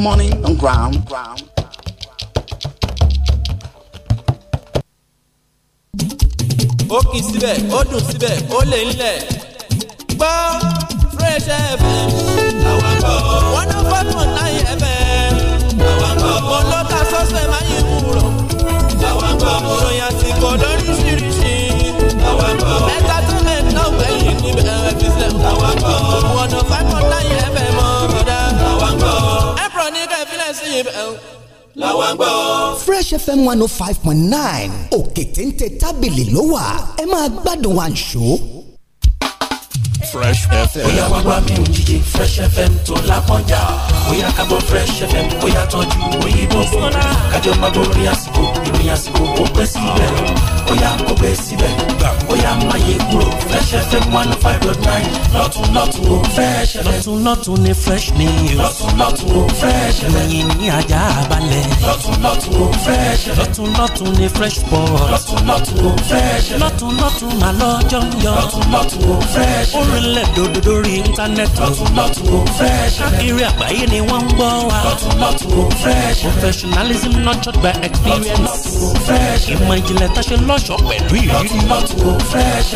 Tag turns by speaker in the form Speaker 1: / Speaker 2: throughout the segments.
Speaker 1: money on ground. ground.
Speaker 2: ó kì í síbẹ̀ ó dùn síbẹ̀ ó lè ń lẹ̀ gbọ́ fresh air.
Speaker 3: fresh fm one oh five point nine òkè téńté tábìlì ló wà ẹ máa gbádùn
Speaker 4: àǹṣó.
Speaker 1: fresh
Speaker 5: fm. ó yá wá mi ò fresh fm
Speaker 4: tó lápọ́njà ó ká gbọ́ fresh fm ó tọ́jú òyìnbó fún un kájọ máa gbọ́ orí àsìkò ìròyìn àsìkò ó pẹ́ síbẹ̀ ó yá kò bẹ̀ síbẹ̀ ó yá máyé kúrò Fresh FM one oh five dot nine lọ́tún lọ́tún ó Fresh FM. lọ́tún lọ́tún ni fresh news. lọ́tún lọ́tún ó Fresh FM. lẹ́yìn ní ajá balẹ̀. lọ́tún lọ́tún ó Fresh FM. lọ́tún lọ́tún ni fresh sport. lọ́tún lọ́tún ó Fresh FM.
Speaker 6: lọ́tún lọ́tún mà lọ́jọ́ ń yọ. lọ́tún
Speaker 4: lọ́tún ó Fresh FM. orílẹ̀ dòdò lórí íńtánẹ́ẹ̀tì. lọ́tún lọ́tún ó Fresh FM. káàkiri àgbáyé ni wọ́n ń gbọ́ wa. lọ́tún lọ́tún ó Fresh FM. professionalism nurtured by experience. lọ́tún lọ́tún ó Fresh FM. ìmọ̀ ìjìnlẹ̀ tá a ṣe lọ́ pẹ̀lú fresh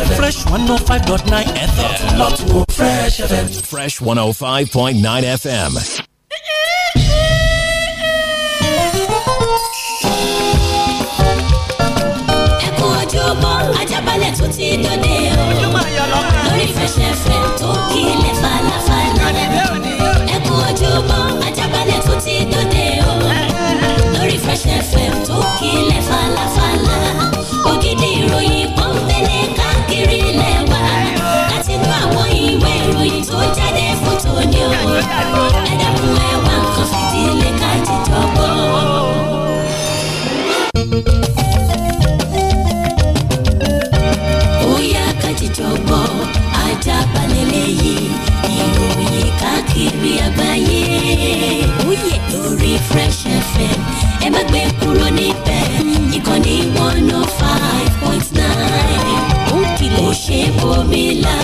Speaker 4: fm. fresh one oh five point nine fm.
Speaker 6: ẹkún ajábalẹ̀ tó ti dòde o lórí fresh fm tó falafala ẹkún ajábalẹ̀ tó ti dòde o lórí fresh fm tó falafala. ìròyìn kan ń fẹlẹ̀ káàkiri lẹ́wà láti inú àwọn ìwé ìròyìn tó jáde fún tòní o ẹ lórí Fresh FM ẹ má gbé kúrò níbẹ̀ ìkànnì one oh five point nine. ó kìlẹ̀ ó ṣe bòmílà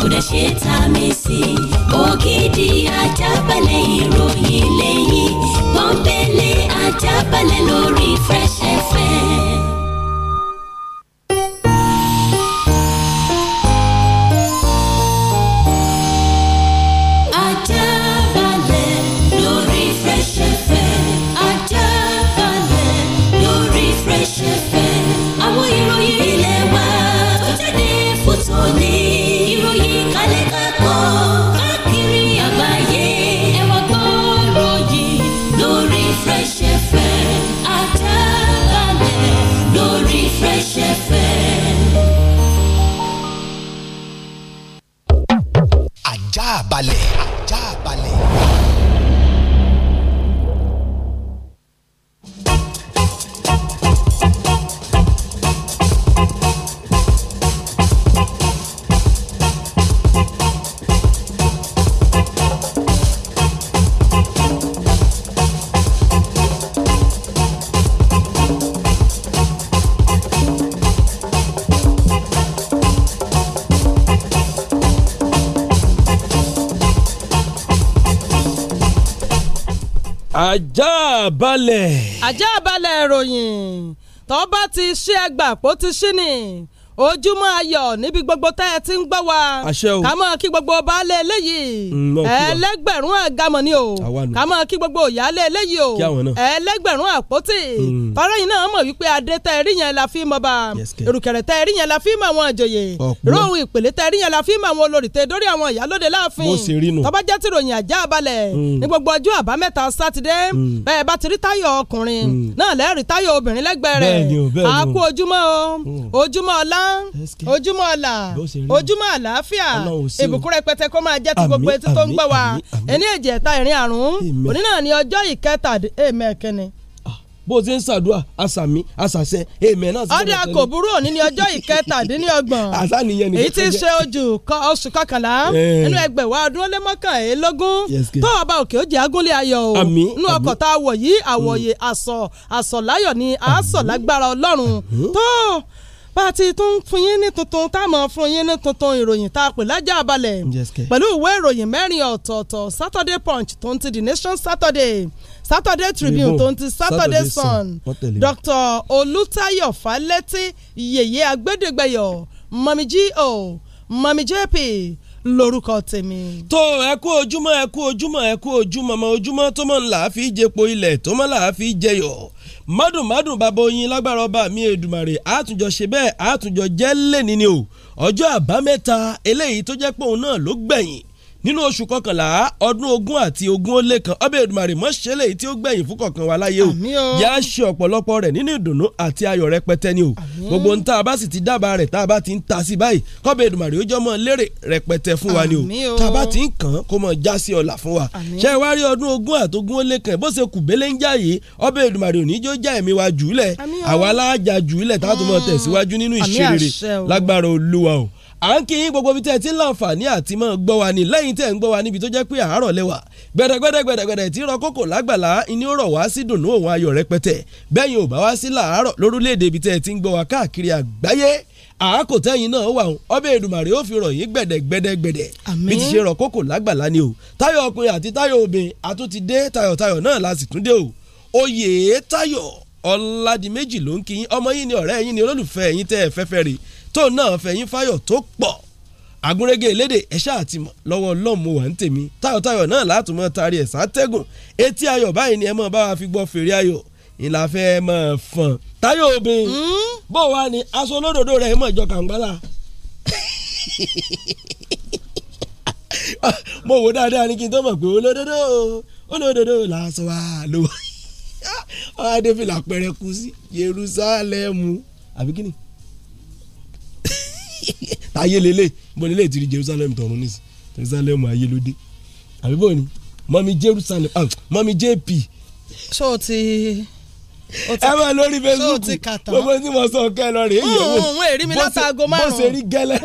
Speaker 6: kódà ṣe tá a mi sí. ògidì ajábalẹ̀ ìròyìn lẹ́yìn pọ́npẹ́lẹ́ ajábalẹ̀ lórí Fresh FM.
Speaker 2: balẹ̀.
Speaker 7: ajá balẹ̀ ìròyìn tó bá ti ṣí ẹgbàá pó ti ṣí ni ojúmọ́ ayọ̀ níbi gbogbo tẹ́ ẹ ti ń gbọ́ wa ká mọ̀ kí gbogbo baálé eléyìí ẹlẹ́gbẹ̀rún àgàmọ̀ ni o ká mọ̀ kí gbogbo ìyáálé eléyìí o ẹlẹ́gbẹ̀rún àpótì tọ́rọ yìí náà mọ̀ wípé adé tẹ́ ẹ rí yẹn la fi mọ̀ bá èrùkẹ̀rẹ̀ tẹ́ ẹ rí yẹn la fi mọ̀ àwọn àjòyè róhùn ìpèlè tẹ́ ẹ rí yẹn la fi mọ̀ àwọn olórí tẹ́ dórí àwọn ìyálóde láàfin tọ́ba jẹ́ ti ròyìn àjá balẹ̀ hmm. ní gbogbo ọjọ́ àbámẹ́ta sátidé hmm. bẹ́ẹ̀ bá ti rí táyọ̀ ọkùnrin hmm. náà lẹ́rìí táyọ̀ obìnrin lẹ́gbẹ̀ẹ́ rẹ̀ àkú ojúmọ́ ojúmọ́ ọlá ojúmọ́ ọ̀la ojúmọ́ àlàáfíà ìbùkún rẹpẹtẹ kó máa jẹ́ ti gbogbo etí tó ń gbọ́ wa ẹni èjì ẹ̀ta ìrìn àrùn òní náà ni ọjọ́ ìkẹtàdínlẹ́ẹ̀mẹ́kẹ́ni ah, bó ti ń ṣàdúrà
Speaker 2: àṣàmí àṣàṣẹ èèmẹ náà. ọdẹ kò
Speaker 7: burú òní ni ọjọ́ ìkẹtàdínlọ́gbọ̀n èyí ti ṣe ojú oṣù kọkànlá nínú ẹgbẹ̀wá ọdún ó lé mọ́kànlélógún tó ọba òkè ó jẹ́ agúnlẹ̀ ayọ̀ o nínú ọkọ̀ tá a wọ̀ yìí àwòye bá a ti fún yín ní tuntun tá a mọ̀ fún yín ní tuntun ìròyìn tá a pè lájà abalẹ̀ pẹ̀lú ìwé ìròyìn mẹ́rin ọ̀tọ̀ọ̀tọ̀ Saturday Punch tó ń ti The Nation Saturday Saturday Tribune tó ń ti Saturday Sun Dr. Olùtayọ̀ Fálétí yèyé agbẹ́dẹ́gbẹ́yọ̀ mọ̀mí G.O. mọ̀mí J.P lórúkọ tèmi.
Speaker 2: tó ẹ kú ojúmọ́ ẹ kú ojúmọ́ ẹ kú ojúmọ́ ọmọ ojúmọ́ tó mọ̀ là á fi jẹpo ilẹ̀ tó mọ̀ là á fi jẹyọ̀ mádùnmádùn bàbá oyin lágbára ọba mi èdùmàrè àtúnjọ ṣe bẹ́ẹ̀ àtúnjọ jẹ́ lẹ́ni ni o ọjọ́ àbámẹ́ta eléyìí tó jẹ́ pé òun náà ló gbẹ̀yìn nínú oṣù kọkànlá ọdún ogún àti ogún ó lé kan ọbẹ̀ Èdùmàrè mọ́ ṣe léyìí tí ó gbẹ̀yìn fún kọ̀ọ̀kan wa láyé o yà á ṣe ọ̀pọ̀lọpọ̀ rẹ̀ nínú ìdùnnú àti ayọ̀ rẹpẹtẹ ni o gbogbo ń tá a bá sì ti dábàá rẹ̀ tá a bá ti ń ta sí báyìí kọ́bẹ̀ Èdùmàrè ó jọmọ́ lérè rẹpẹtẹ fún wa ni o tá a bá ti ń kàn kó mọ̀ já sí ọ̀la fún wa ṣe wá rí ọdún ogún àtogún ó lé kan bó ṣe kù bẹ́lẹ́ ń já yìí ọbẹ̀ ò ní jó já ẹ̀mí wa jù ú lẹ̀ àwa láàjà jù ú lẹ̀ tá a tó mọ̀ ah. tẹ̀síwájú nínú ìṣeré à ń kí yín gbogbo ibi tẹ́ ẹ ti ń láǹfààní àti máa gbọ́ wa ní lẹ́yìn tẹ́ ẹ ń gbọ́ wa níbi tó jẹ́ pé àárọ̀ lẹ́wà gbẹdẹgbẹdẹ gbẹdẹgbẹdẹ tí rọ kókò lágbàlá ni ó rọ̀ wá sí dùnú òun ayọ̀ rẹpẹtẹ bẹ́yìn ò bá wá sí làárọ̀ lórílẹ̀‐èdè ibi tẹ́ ẹ ti ń gbọ́ wa káàkiri àgbáyé àákò náà wà ń ọbẹ̀ èdùmàrè ó fi rọ̀ yín gbẹ̀dẹ̀gbẹ̀dẹ̀gbẹ̀dẹ̀ bí ti ṣe rọ̀ kókò lágbàlá ni o táyọ̀ ọkùnrin àti táyọ̀ obìnrin àtúntì dé tayọ̀tayọ̀ náà la sì tún dé o oyè táyọ̀ ọ̀làdìmẹ́jì ló ń kí yín ọmọ yín ni ọ̀rẹ́ yín ni olólùfẹ́ yín tẹ́ ẹ fẹ́fẹ́ rè tóun náà fẹ̀yìn fáyọ̀ tó pọ̀ agúnrégé ìlédè ẹ̀ṣẹ́ àti lọ́wọ́ ọlọ́mù wà ń tèmi tayọ̀tayọ̀ náà látùmọ̀ tari ẹ̀sán àtẹ́gùn etí ayọ̀ báyìí ni ẹ mọ̀ bá wa fi gbọ́ fèrè ayọ̀ ìlà fẹ́ mọ̀ fọ̀n táyọ̀ obìnrin hmm? bó wa ni aṣọ olódodo rẹ̀ mọ̀ ìjọ kàǹgbálà. mo wò dáadáa ní kí n tó mọ̀ pé olódodo olódodo làásọ wa lò wá adéfìlà pẹrẹ kú sí Jerúsálẹ́mù àbí kí ni táyé lélẹ̀ bó lélẹ̀ ti rí Jerusalem tọ̀run ní Jerusalem ayé ló dé àbí bò ní mọ́mí Jerusalem ah, mọ́mí JP. ṣó o ti ẹ máa lórí Facebook gbogbo tí mo sọ kẹ lọ rèé yẹ̀ wò n mm, ò mm, mm, rí mi látàgò márùn bó ṣe rí gẹ́lẹ́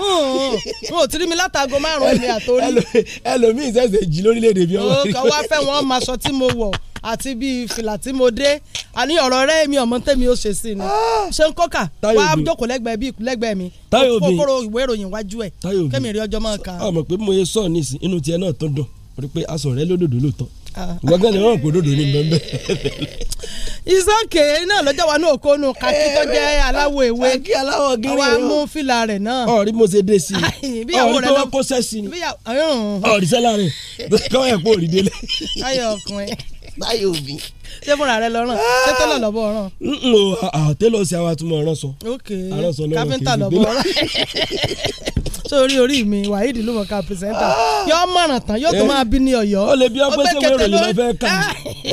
Speaker 2: n ò tí rí mi látàgò márùn ni àtòrí ẹlòmíì ṣẹ̀ṣẹ̀ jí lórílẹ̀‐èdè bí ọmọ
Speaker 7: rí. ó kàn wá fẹ́ wọn máa sọ tí mo wọ̀ àti bíi fìlà tí mo dé àní ọ̀rọ̀ rẹ mi ọ̀mọ́
Speaker 2: tẹ́mi ó ṣe sí ni ah! ṣé ń kọ́kà wà á jókòó lẹ́gbẹ̀ẹ́ bíi lẹ́gbẹ̀ẹ́ mi kókóró ìwé ìròyìn wájú ẹ̀ kẹ́mi rí ọjọ́ máa ka. ọmọ pé mo ye sọ nísìn inú tiẹ̀ náà tó dùn rí pé aṣọ rẹ lódòdó lóòótọ́ ah. ìwọ́gbẹ́ ni wọ́n kò dòdò ní bẹ́ẹ̀ ìsọ̀kè náà
Speaker 7: lọ́jọ́ wa náà kó nu kàkí tó jẹ́ aláwọ̀ ewé kàkí aláwọ̀ fìlà rẹ̀ náà. ọ̀rí mo ṣe dé sí i ọ̀rí tó kó sẹ́sì ni ọ̀rí sẹ́lá
Speaker 2: rẹ̀ kọ́ ẹ̀ kó rí
Speaker 7: ayọ̀ ọkùnrin báyìí òbí. ṣé fúnra rẹ lọ ràn ṣé ah! tẹ́lọ̀ lọ́bọ̀ ràn.
Speaker 2: n ò àtẹ́lọ̀ sí àwa túmọ̀ ọ̀ràn sọ. ok káfíńtà lọ́bọ̀ ràn
Speaker 7: sórí orí mi waheed ló mọ̀ ká pìrìsẹ́ńtà ah! yóò mọ̀ràn tán yóò tó eh? máa bí ní ọ̀yọ́. ó lè bí ọgbẹ́ sẹ́wọ̀n ìròyìn lọ́fẹ́ ká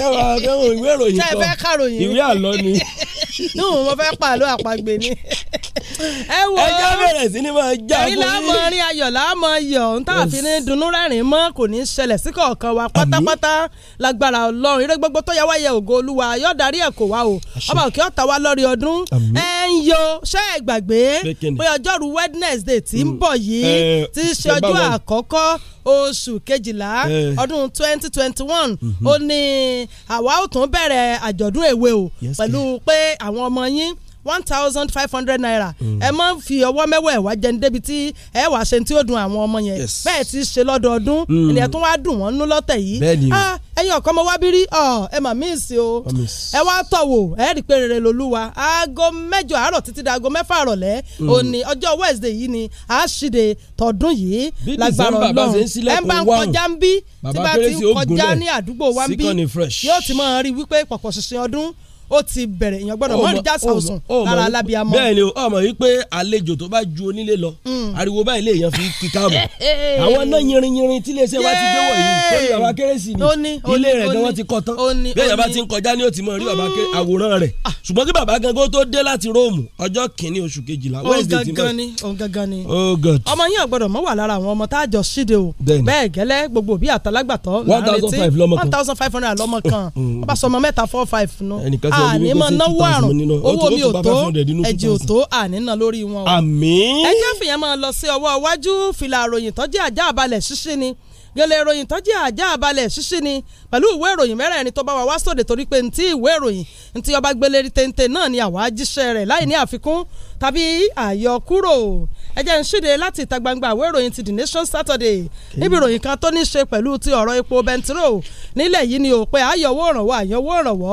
Speaker 7: ẹ̀wọ̀n ìwé ìròyìn kan ìwé àlọ́ ni. níwọ̀n mo fẹ́ pàlọ́ àpagbè ni. ẹ wo ẹjọ́ bẹ̀rẹ̀ sí ni mo já fún yín. èyí láàmú rí ayọ̀ láàmú yọ̀ ń tà fi ní dunnú rẹ́rìn mọ́ kò ní ṣẹlẹ̀ sí kọ̀ọ̀kan wa pátápátá lágbára ọlọ́run eré gbogbo tó yẹ wá yẹ ògo olúwa yóò darí ẹ̀ kò o ọba òkè ọ̀tá wa lọ́rí ọdún ẹ ń yo ṣé ẹ gbàgbé bóyá ọjọ́rú Wednesday tí ń mm. bọ̀ yìí ti ṣe ọjọ́ àkọ́kọ́ oṣù kejìlá ọdún twenty twenty one mm-hmm. ó ní àwa ó tún bẹ̀rẹ̀ àjọ̀dún èwe o pẹ̀lú pé àwọn ọmọ yín one thousand five hundred naira ẹ má fi ọwọ́ mẹ́wọ́ ẹ̀ wá jẹun débi tí ẹ wàá ṣe tí ó dùn àwọn ọmọ yẹn bẹ́ẹ̀ ti ṣe lọ́dọọdún mm. ènìyàn tó wá dùn wọ́n nú lọ́tẹ̀ yìí ah, ẹ̀yin ọ̀kan mo wá bí rí ẹ mà mí sí o ẹ wá tọ̀ wò ẹ rí i pé rere lolúwa aago mẹ́jọ àárọ̀ títí di aago mẹ́fà rọ̀lẹ́ mm. òní ọjọ́ Wednesday yìí ni àṣìde tọdún yìí lágbára Ọlọ́run ẹ bá ń kọjá ń bí tí bá ti ń kọjá ní àdúgbò wa ń bí yóò ti máa rí wípé pọ̀pọ̀ ṣinṣin ọdún ó ti bẹ̀rẹ̀ èèyàn gbọ́dọ̀ mọ́ni jása ọ̀sán lára alábíàmọ́. bẹ́ẹ̀
Speaker 2: ni o mọ̀ wípé àlejò tó bá ju onílé lọ hmm. ariwo báyìí lè yan fi ti káàmù àwọn náà yinrin yinrin tí iléeṣẹ́ wa ti déwọ̀ yìí tó ní kérésì ni ilé rẹ̀ gan wọ́n ti kọ́ tán bẹ́ẹ̀ yàrá ti ń kọjá ní òtí mọ̀ rí bàbá hmm. àwòrán rẹ̀ ah. ṣùgbọ́n kí bàbá gangan tó dé láti róòmù ọjọ́ kìíní oṣù kejìlá wednesday
Speaker 7: oh, one thousand five lọ́mọ àní mọ náwó àrùn owó mi ò tó ẹ̀jẹ̀ ò tó àní ná lórí wọn. ẹ jẹ́ fìyẹn máa lọ sí ọwọ́ iwájú fìlà àròyìn tọ́jú àjá àbalẹ̀ ṣíṣí ni gẹ́lẹ́ ìròyìn tó jẹ́ àjá àbalẹ̀ ṣíṣí ni pẹ̀lú ìwé ìròyìn mẹ́rẹ̀ẹ̀rin tó bá wa wá sóde torí pé ntí ìwé ìròyìn ntí ọba gbélé rí téńté náà ni àwa jíṣẹ́ rẹ̀ láì ní àfikún tàbí àyọkúrò ẹ jẹ́ ń ṣíde láti ìta gbangba ìwé ìròyìn ti The Nation Saturday níbi ìròyìn kan tó ní ṣe pẹ̀lú ti ọ̀rọ̀ epo bẹntiró nílẹ̀ yìí ni ò pé àyọ̀wó ìrànwọ́ àyọ̀wó ìrànwọ́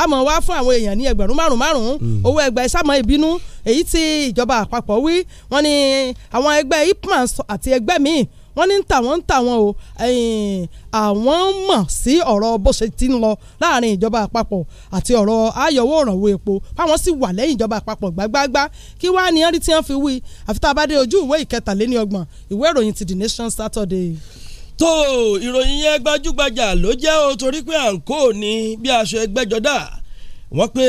Speaker 7: àmọ́ hmm. wá fún àwọn èèyàn ní ẹgbẹ̀rún márùn márùn hmm. owó ẹgbẹ́ ìsàmọ́ ìbínú èyí tí ìjọba àpapọ̀ wí wọ́n ní àwọn ẹgbẹ́ IPMAN àti ẹgbẹ́ míì wọ́n ní ń tà wọ́n ń tà wọ́n o àwọn mọ̀ sí ọ̀rọ̀ bó ṣe ti ń lọ láàrin ìjọba àpapọ̀ àti ọ̀rọ̀ ayọ̀wọ́ òrànwọ́ epo báwọn sì wà lẹ́yìn ìjọba àpapọ̀ gbágbágbá kí wàá ní ẹni tí wọ́n fi wí àfi tá a bá dé ojú ìwé
Speaker 2: ìkẹtàléní ọgbọ̀n ìwé ìròyìn ti The Nation Saturday. tó ìròyìn yẹn gbajúgbajà ló jẹ́ o torí pé à ń kó ni bí aṣọ ẹgbẹ́jọdá wọ́n pé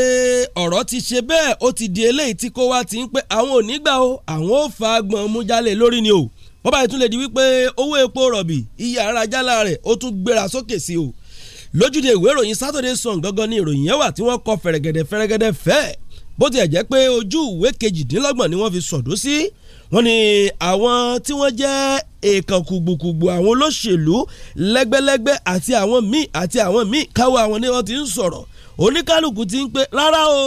Speaker 2: ọ̀rọ̀ ti ṣe bẹ́ẹ̀ ó ti di eléyìí tí kò wá ti ń pẹ́ àwọn ò ní gbà o àwọn ò fa agbọ̀n mú jálè lórí ni o bọ́bá yìí tún lè di wípé owó epo rọ̀bì iye ara jálá rẹ̀ ó tún gbéra sókè sí o lójúde ìwé ìròyìn Saturday Sun gangan ni ìròyìn yẹn wà tí wọ́n kọ fẹ̀rẹ̀gẹ̀dẹ̀ fẹ̀rẹ̀gẹ̀dẹ̀ fẹ́ bó tiẹ̀ jẹ́ pé ojú ìwé kejìdínlọ́gbọ̀n ni wọ́n fi sọ̀dọ́ sí wọ́n ní àwọn tí wọ́n jẹ́ èèkàn kùgbùkùgbù àwọn olóṣèlú lẹ́gbẹ́lẹ́gbẹ́ àti àwọn míì àti àwọn míì káwọ́ àwọn ni wọ́n ti ń sọ̀rọ̀ oníkálukú ti ń pé rárá o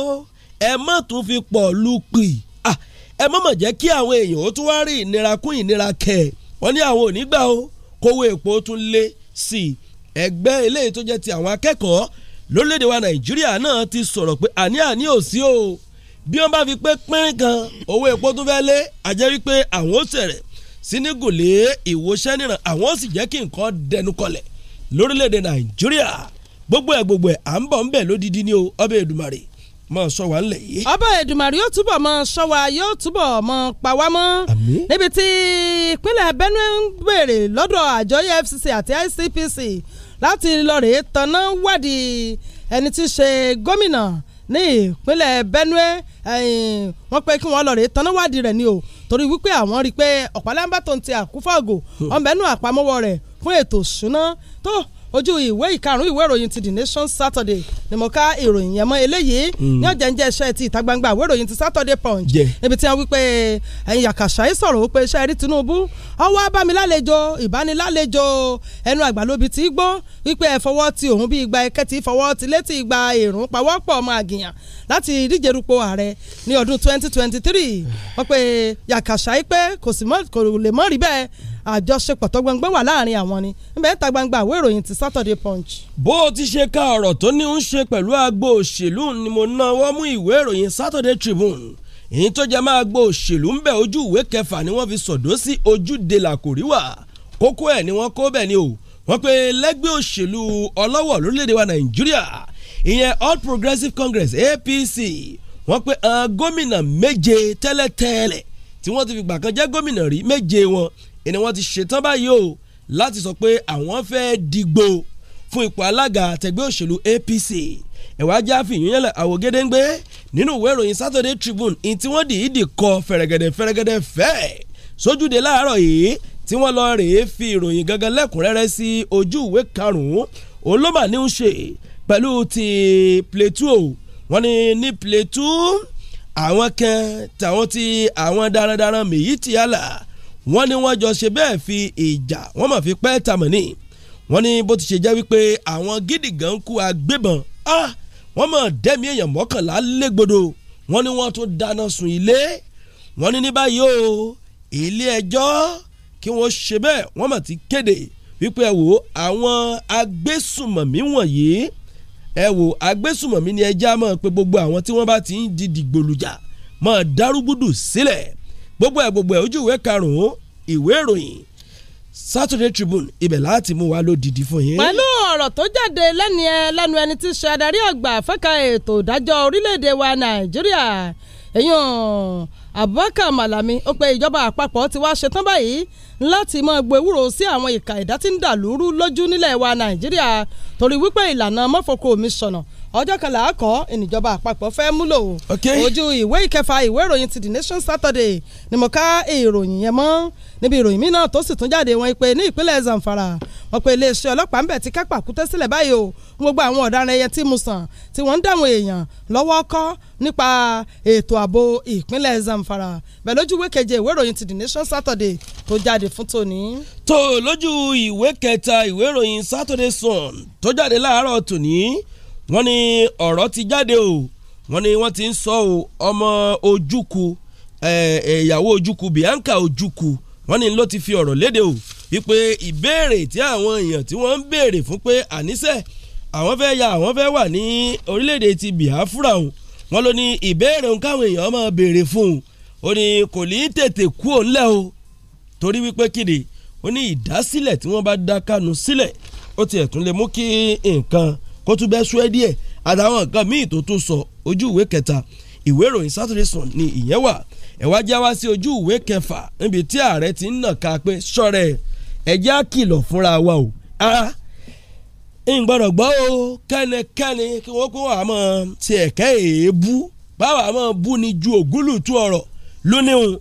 Speaker 2: ẹ má tún fi pọ̀ lu pì ah, ẹ mọ̀mọ̀ jẹ́ kí àwọn èèyàn ó tún wá rí ìnira kún ìnira kẹ̀ wọ́n ní àwọn onígbà o kówó epo tún lé sí i ẹgbẹ́ eléyìí tó jẹ́ ti àwọn akẹ́kọ̀ọ́ lórílẹ̀‐èdè wa nàìjíríà náà ti sọ̀rọ̀ pé àní àní ò sí o bí wọ́n bá fi pé pínrín kan owó epo tún fẹ́ lé àjẹ́ wípé àwọn ó sẹ̀rẹ̀ sínigòlè ìwòsàn níran àwọn ó sì jẹ́ kí nǹkan dẹnu kọlẹ̀ lórílẹ̀‐èdè nàìjíríà gbogbo ẹ̀ gbogbo ẹ̀ à ń bọ̀ ń bẹ̀ lódìdí o ọbẹ̀ èdùmàrè máa sọ wá ńlẹ̀
Speaker 7: yìí. ọba Èdùmàrè yóò túbọ̀ máa sọ wá yóò túbọ̀
Speaker 2: máa pa wá mọ́. àmín. níbi
Speaker 7: tí ìpínlẹ̀ Benue ń béèrè lọ́dọ̀ àjọ EFCC àti ICPC láti lọ rèé tanná wádìí ẹni tí í ṣe gómìnà ní ìpínlẹ̀ Benue wọ́n pẹ́ kí wọ́n lọ rèé tanná wádìí rẹ̀ ni o torí wípé àwọn rí i pé ọ̀pá lámbàtàn ti àkúfàgò hmm. ọ̀nbẹ́nu àpamọ́wọ́ rẹ̀ fún ètò ìṣúná tó ojú ìwé ìkarùn-ún ìwé ìròyìn ti The Nation Saturday ni mo ká ìròyìn yẹn mọ́ eléyìí hmm. ní ọ̀jẹ̀ ń jẹ́ iṣẹ́ ti ìta gbangba ìwé ìròyìn ti Saturday Punch níbi tí wọ́n wí pé ẹ̀yin Yakasai sọ̀rọ̀ wípé iṣẹ́ rí Tinubu ọwọ́ abamilálejò ìbánilálejò ẹnu àgbàlóbi ti gbó wípé ẹ fọwọ́ ti òun bí igba ẹkẹ́ ti fọwọ́ ti létí igba èrún pawọ́pọ̀ ọmọ àgìyàn láti díje rúpo ààrẹ ní ọdún 2023 wọ́n pe Yakasai pé kò lè mọ́ rí bẹ́ẹ̀ àjọṣepọ̀ tó gbangba wà láàrin àwọn ni níbẹ̀ ń ta gbangba àwọn ìròyìn ti Saturday
Speaker 2: Punch. bó o ti ṣe ka ọ̀rọ̀ tó ní ń ṣe pẹ̀lú agbo òṣèlú ni mo náwó mú ìwé ìròyìn Saturday Tribune èyí tó jẹ́ máa agbo òṣèlú ń bẹ ojú ìwé kẹfà ni wọ́n fi sọ̀dọ́ sí ojúde làkòríwà kókó ẹ̀ ni wọ́n kó bẹ́ẹ̀ ni o wọ́n pe lẹ́gbẹ́ òṣèlú ọlọ́wọ̀ lórílẹ̀‐èdè wa Nàìjíríà ìyẹn All Progressives Congress APC wọ́n pe gómìnà méje tẹ́lẹ̀tẹ́lẹ̀ tí wọ́n ti fi gbà kan jẹ́ gómìnà rí méje wọn ni wọ́n ti ṣetán báyìí o láti sọ pé àwọn fẹ́ẹ́ dìgbò fún ipò alága àtẹgbẹ́ òṣèlú APC ẹ̀wá já fìyún yẹn lẹ̀ àwògedengbe nínú ìwé ìròyìn Saturday Tribune ní tí wọ́n dìídì kọ fẹ̀rẹ̀gẹ̀dẹ̀ fẹ̀rẹ̀gẹ̀dẹ̀ fẹ́ sójúde láàárọ̀ yìí tí wọ́n lọ rèé fi ìròyìn gangan lẹ́kùnrẹ́rẹ́ sí ojú ìwé karùn-ún òun ló mà ní í ṣe pẹ̀lú ti Plateau wọ́n ní ní Plateau àwọn kan tàwọn ti àwọn darandaran mèyí tìyàlà wọ́n ní wọ́n jọ ṣe bẹ́ẹ̀ fi ìjà wọ́n mọ̀ fi pẹ́ tamọ̀ ní wọ́n ní bó ti ṣe jẹ́ wípé àwọn gidi gan kú agbébọn ah! wọ́n mọ̀ dẹ́mi èèyàn mọ́kànlá légbodò wọ́n ní wọ́n tún dáná sun ilé wọ́n ní ní báyìí o ilé ẹjọ́ kí wọ́n ṣe bẹ́ẹ̀ wọ́n mọ̀ ti kéde wípé ẹ wò àwọn agbésùmọ̀mí wọ̀nyí ẹ wò agbésùmọ̀mí ni ẹjẹ́ á mọ̀ pé gbogbo àwọn tí wọ́n bá ti ń di dìgbòlùjà mọ̀ dárúgúdù sílẹ̀ gbogbo ẹ̀ gbogbo ẹ̀ ojú ìwé karùn-ún ìwé ìròyìn Saturday Tribune ibẹ̀ láti mú wa lódìdí fún yín. pẹ̀lú
Speaker 7: ọ̀rọ̀ tó jáde lẹ́nu ẹ lẹ́nu ẹni tí í ṣe adarí àgbà fẹ́ka ètò ìdájọ́ orílẹ̀-èdè wa Nàìjíríà èèyàn Abubakar Malami ó pe ìjọba àpapọ̀ ti wá ṣetán báyìí láti máa gbé ewúro sí àwọn ìka ìdá tí ń dàlúrú lójú nílẹ̀ wa Nàìjíríà torí wípé ìlànà mọ́fọ́kọ́ omi ṣọ̀nà ọjọ́ kan làá ìníjọba àpapọ̀ fẹ́ múlò ojú ìwé ìkẹfà ìwé ìròyìn ti The Nation Saturday ni mo ká ìròyìn yẹn mọ́ níbi ìròyìn míì náà tó sì tún jáde wọn pé ní ìpínlẹ̀ Zamfara wọn pé iléeṣẹ́ ọlọ́pàá ń bẹ̀ ti kápá kúté sílẹ̀ báyìí o gbogbo àwọn ọ̀daràn ẹyẹ tí mo sàn tí wọ́n ń dáwọn èèyàn lọ́wọ́ kọ́ nípa ètò ààbò ìpínlẹ̀ Zamfara bẹ́ẹ̀ lójú ìwé keje ìwé ìròyìn ti The Nation Saturday
Speaker 2: tó jáde fún tòní. tó lójú ìwé kẹta ìwé ìròyìn Saturday Sun tó jáde láàárọ̀ tòní wọ́n ní ọ̀rọ̀ ti jáde o wọ́n ní wọ́n ti ń sọ o ọmọ ojúku ìyàwó ojúku Bianca ojúku wọ́n ní ló ti fi ọ̀rọ̀ léde o wípé ìbéèrè tí àwọn èèyàn tí wọ́n ń béèrè fún pé àníṣe àwọn fẹ́ ya àwọn fẹ́ wà ní orílẹ̀-èdè ti Biafra o wọ́n ló ní ìbéèrè òun káwọn èèyàn máa béèrè fún un ó ní kò ní tètè kú òun lẹ́ o torí wípé kéde ó ní ìdásílẹ̀ tí wọ́n bá dá Kanu sílẹ̀ ó tiẹ̀ tún lè mú kí nǹkan kó tún bẹ́ sún ẹ́ díẹ̀ àtàwọn nǹkan míì tó tún sọ ojú ìwé kẹta ìwé ìròyìn Saturday Sun ni ìyẹn wà ẹ wá já wá sí ojú ìwé kẹfà níbi tí ààrẹ ti ń nàka pé sọ̀rẹ́ ẹ̀jẹ̀ á kìlọ̀ fúnra wa o ìgbọ́dọ̀ ah, gbọ́ o kẹ́nikẹ́ni kí wọ́n kó àmọ́ ti ẹ̀kẹ́ èébú báwa àmọ́ bú ni ju ògúlùtú ọ̀rọ̀ lóníhun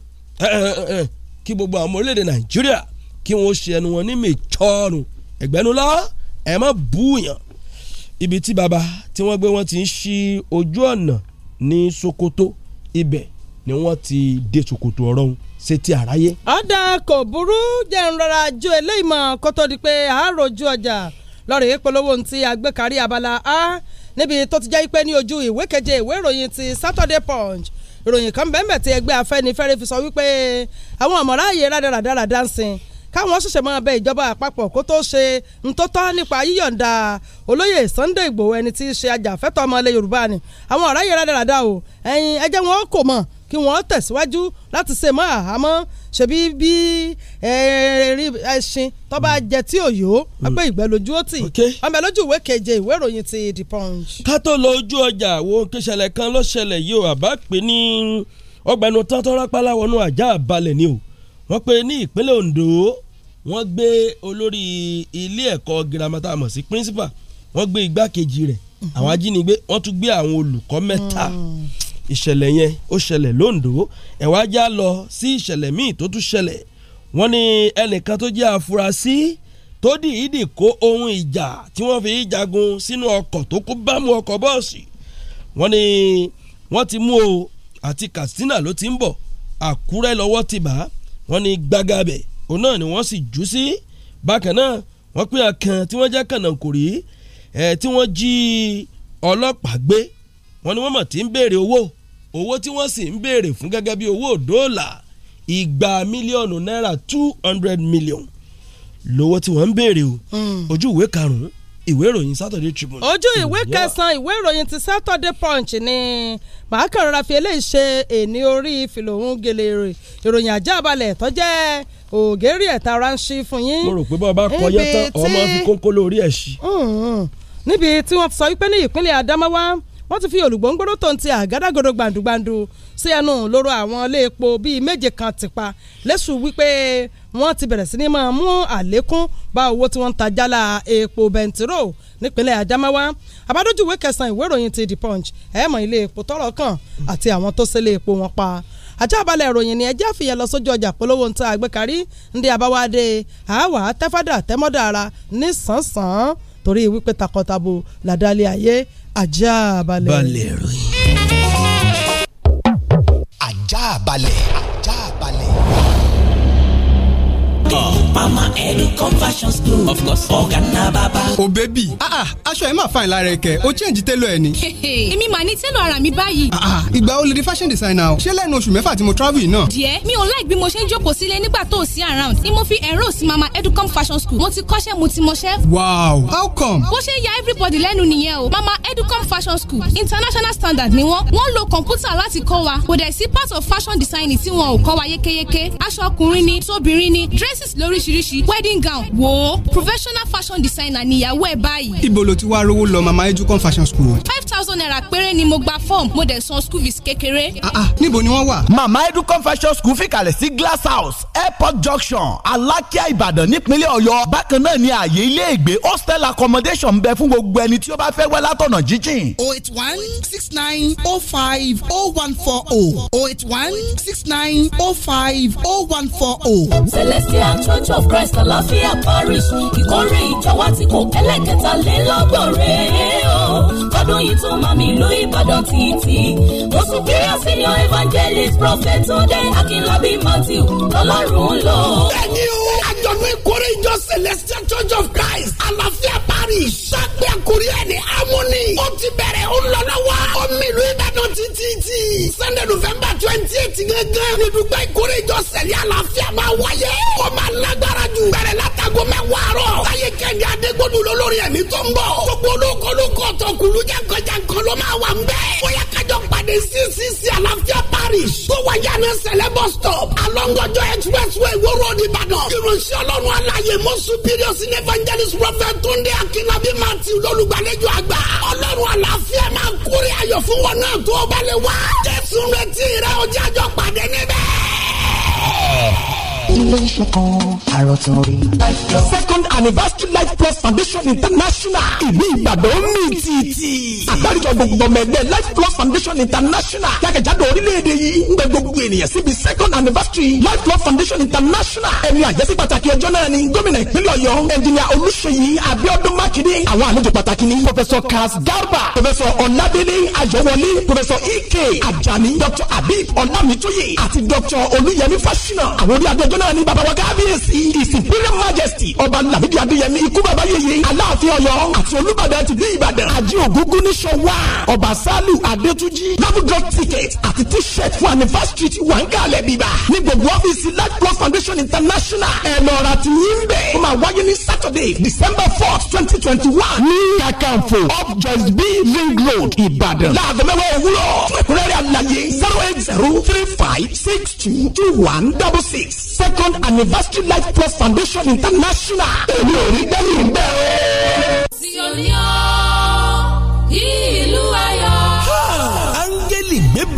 Speaker 2: eh, eh, eh, kí gbogbo àwọn orílẹ̀-èdè Nàìjíríà kí wọ́n ṣe ẹnu wọn ní mìtọ́ọ̀nù ẹ̀gbẹ́nu lọ ẹ̀ má búyàn ibi tí baba tí wọ́n gbé wọ́n ti ń ṣí ojú ọ̀nà ní Sokoto ibẹ̀ ni wọ́n ti dé Sokoto ọ̀rọ̀hún sétí àráyé.
Speaker 7: ọ̀dà kò burú jẹ́ ń rọra ju eléyìí mọ́ kó tó di pé àárò ojú ọjà lọ́rọ̀ ìpolówó ti àgbékarí abala a níbi tó ti jẹ́ pé ní ojú ìwé keje ìwé ìròyìn ti Saturday Punch ìròyìn kan bẹ́ẹ̀ mẹ́tẹ́ ẹgbẹ́ Afẹ́nifẹ́re fi sọ wípé àwọn ọ̀mọ̀ráyè rádaràdarà dáńsìn káwọn ṣẹ̀ṣẹ̀ máa bẹ ìjọba àpapọ̀ kó tó ṣe ntótọ́ nípa yíyọ̀ǹda olóyè Sunday Ìgbòho ẹni tí í ṣe ajàfẹ́tọ̀ ọmọ ilẹ̀ Yorùbá ni àwọn ọ̀rá yẹra dáradára o ẹ̀yin ẹjẹ́ wọn kò mọ̀ kí wọ́n tẹ̀síwájú láti ṣe mọ́ àhámọ́ ṣebí bí ẹṣin tó jẹ tí ò yó ẹgbẹ́ hmm. ìgbẹ́ lójú ó tì ọmọ lójú ìwé keje ìwé ìròyìn ti The Punch.
Speaker 2: ká tó lọ ojú ọjà wo kíṣẹlẹ̀ kan ló ṣẹlẹ̀ yìí o àbá pè ní ọgbà ẹnu tán tọ́rápá láwọnú ni o wọ́n pe ní ìpínlẹ̀ Ondo wọ́n gbé olórí ilé ẹ̀kọ́ girama tá a mọ̀ sí principal wọ́n gbé igbákejì rẹ̀ àwọn ajínigbé wọ́n tún gbé àwọn olùkọ́ mẹ́ta ìṣẹ̀lẹ̀ yẹn ó ṣẹlẹ̀ londo ẹ̀wá já lọ sí ìṣẹ̀lẹ̀ míì tó tún ṣẹlẹ̀ wọ́n ní ẹnìkan tó jẹ́ afurasí tó dìídì kó ohun ìjà tí wọ́n fi jagun sínú ọkọ̀ tó kó bámu ọkọ̀ bọ́ọ̀sì wọ́n ní wọ́n ti mú o àti Katsina ló ti ń bọ̀ Àkúrẹ́ lọ́wọ́ ti bá wọ́n ní gbágabẹ̀ òun náà ni wọ́n sì jù sí bákan náà wọ́n pín akàn tí wọ́n jẹ́ kànáńkòrí ẹ̀ tí wọ́n jí ọlọ́pàá gbé wọ́n ní wọ́n mọ̀ tí ń béèrè owó owó tí wọ́n sì ń béèrè fún gẹ́gẹ́ bí owó dọ́là igba mílíọ̀nù náírà two hundred million lówó tí wọ́n ń béèrè o hmm. ojú ìwé karùn-ún ìwé ìròyìn Saturday Tribune. ojú ìwé
Speaker 7: kẹsàn-án ìwé ìròyìn ti Saturday Punch ni màá kàn rọra fi eléyìí ṣe èní orí fìlòhún gèlè ìròyìn àjábalẹ̀ tó jẹ́ ògèrè ẹ̀ tara ń ṣí fún yín. mo rò pé bọ́ọ̀ bá kọ ọmọ fi kónkó lórí ẹ̀ ṣí. níbi tí wọ́n sọ wípé ní ìpínlẹ̀ Adamawa wọ́n ti fi olùgbòǹgbòrò tó ń ti àgádágodo gbàǹdùgbàǹdù sí ẹnu lóró àwọn ilé epo bíi méje kan ti pa lẹ́sùn wípé wọ́n ti bẹ̀rẹ̀ sí ni máa mú àlékún bá owó tí wọ́n ń ta jálá epo bẹntiró nípínlẹ̀ Adamawa abádójúwé kẹsàn-án ìwé ìròyìn ti The Punch ẹ̀ mọ̀ ilé epo tọ́rọ̀ kàn àti àwọn tó ṣẹlé epo wọn pa ajábalẹ̀ ìròyìn ni ẹjẹ́ àfihàn lọ sójú ọjà polówó ń ta àgbékarí ndí abáwádé àáwá tẹ́fádà tẹ́mọ́dà ara nísànsán torí wípé takọtabo làdálẹ̀ ayé ajá balẹ̀. balẹ̀
Speaker 6: rìn.
Speaker 1: ajá balẹ̀.
Speaker 4: mama educom fashion school of course ọ̀gá ná bàbá. o oh, bẹ́bí
Speaker 8: ah, ah, aṣọ ẹ̀ máa fa ìlara ẹ̀kẹ́ o change tẹ́lọ̀ ẹ̀ ni.
Speaker 6: èmi mà ní tẹ́lọ̀ ara mi báyìí. Ah,
Speaker 8: ìgbà wo lè di fashion designer o ṣé lẹ́nu oṣù mẹ́fà tí mo travel yìí náà.
Speaker 6: díẹ̀ mi ò like bí mo ṣe ń jókòó sílé nígbà tó o sí around ni mo fi ẹ̀rọ sí mama educom fashion school mo ti kọ́ṣẹ́ mo ti mọṣẹ́.
Speaker 9: wow how come.
Speaker 6: bó ṣe ya everybody lẹ́nu nìyẹn o mama educom fashion school international standard ni wọ́n wọ́n lo
Speaker 7: kọ̀ǹpútà láti kọ́ wa kò dẹ̀ sí part of fashion design tí wọn ò kọ́ wa yékéyéké aṣọ ọkùnrin ni
Speaker 6: tóbìnrin ni dresses lórí lóríṣiríṣi wedding gown wo professional fashion designer níyàwó ẹ̀ báyìí.
Speaker 8: ibo ló ti wá rówó lọ mama educon fashion school.
Speaker 6: five thousand naira péré ni mo gba form mo dẹ̀ san school
Speaker 7: fees kékeré.
Speaker 1: ah ah níbo ni wọ́n wà. mama educon fashion school fìkàlẹ̀ sí glass house airport junction alákíá ìbàdàn nípínlẹ̀ ọ̀yọ́ bákan náà ni ààyè ilé ìgbé hostel accommodation ń bẹ fún gbogbo ẹni tí ó bá fẹ́ wẹ́ látọ̀nà jíjìn.
Speaker 3: o oh eight one six nine o oh five o oh one four o o eight one six nine o five o one four o.
Speaker 6: celestial church of Christ àlàáfíà Parish ìkórè ìjọwá tí kò kẹ́lẹ́kẹta lé lọ́gbọ̀nrẹ́ o tọdún yìí tún máa mi ìlú Ìbàdàn títì mo superior senior evangelist prophet Tunde Akinlabi Matthew lọ́lọ́run lọ.
Speaker 4: bẹ́ẹ̀ni o àjọ̀dún ìkórè ìjọ Celestial Church of Christ àlàáfíà Parish sápẹ́ àkórí ẹ̀ harmony ó ti bẹ̀rẹ̀ ó ń lọ ìlú Ìbàdàn. Titi sunday november twenty eight gángan nídùúgbà ìkórè ìjọ sẹ̀lẹ̀ àlàáfíà máa wáyé ó máa lágbára jù bẹ̀rẹ̀ látago mẹ́wàá rọ̀ táyé kẹ́hìndé adégbòdù lólórí ẹ̀mí tó ń bọ̀ gbogbo olóko olóko tó kulu jankanjankan ló máa wà ń bẹ́ẹ̀ ó kájọ pàdé ccc àlàáfíà parish tó wà yánà sẹ̀lẹ̀ bus stop alongojo expressway wo road ìbàdàn irunṣẹ́ ọlọ́run aláyé most superior evangelist prophet tunde akínábí matthew lólùgbàlejò àgbà ọlọ́run àlàáfíà máa ń kórè ayọ̀ fún wọn náà tó o bá lè wá. jésù retí rẹ ojú àjọ pàdé níbẹ̀ ilé iṣẹ́ kan àròtún rí. second anniversary life plus foundation international ìlú ìbàdàn ní títì. àgbáríjọ gbogbo ọmọ ẹgbẹ́ life plus foundation international jákèjádò orílẹ̀-èdè yìí ń gbẹ gbogbo ènìyàn síbi second anniversary life plus foundation international ẹni àjẹsí pàtàkì ọjọ́ náà ni gómìnà ìpínlẹ̀ ọ̀yọ́ ẹnjìnìà olùṣeyí abiodun makinde àwọn àlejò pàtàkì ni professor kaz garba professor ọ̀nàdélé ayọ̀wọlé professor ike ajani dr abib ọ̀làmítóyè àti dr olùyẹmí fásinà àwọn orí adé ọjọ́ náà ni bàbá wa kábíyèsí his imperial majesty ọba nàbídìí adéyẹmí ikú bàbá yèyé aláàfin ọ̀yọ́ àti olúbàdàn ti bí ìbàdàn àjí ògúngún ní sọwá ọba sálù adétúnjì labudrop ticket àti t-shirt fún anniversary ti wà ń kalẹ̀ bíbá ní gbogbo ọ́fíìsì light cross foundation international ẹ̀ lọ́ra ti yín bẹ́ẹ̀ ó máa wáyé ní saturday december fourth twenty twenty one ní kakanfo up just be ring road ìbàdàn láàbọ̀ mẹ́wàá òwúrọ̀ fún ẹ̀kúnrẹ́rẹ́ àlàyé zero eight zero three five six two two one double six second anniversary life plus foundation international. èmi ò rí bẹ́ẹ̀. sí
Speaker 6: o ní yìí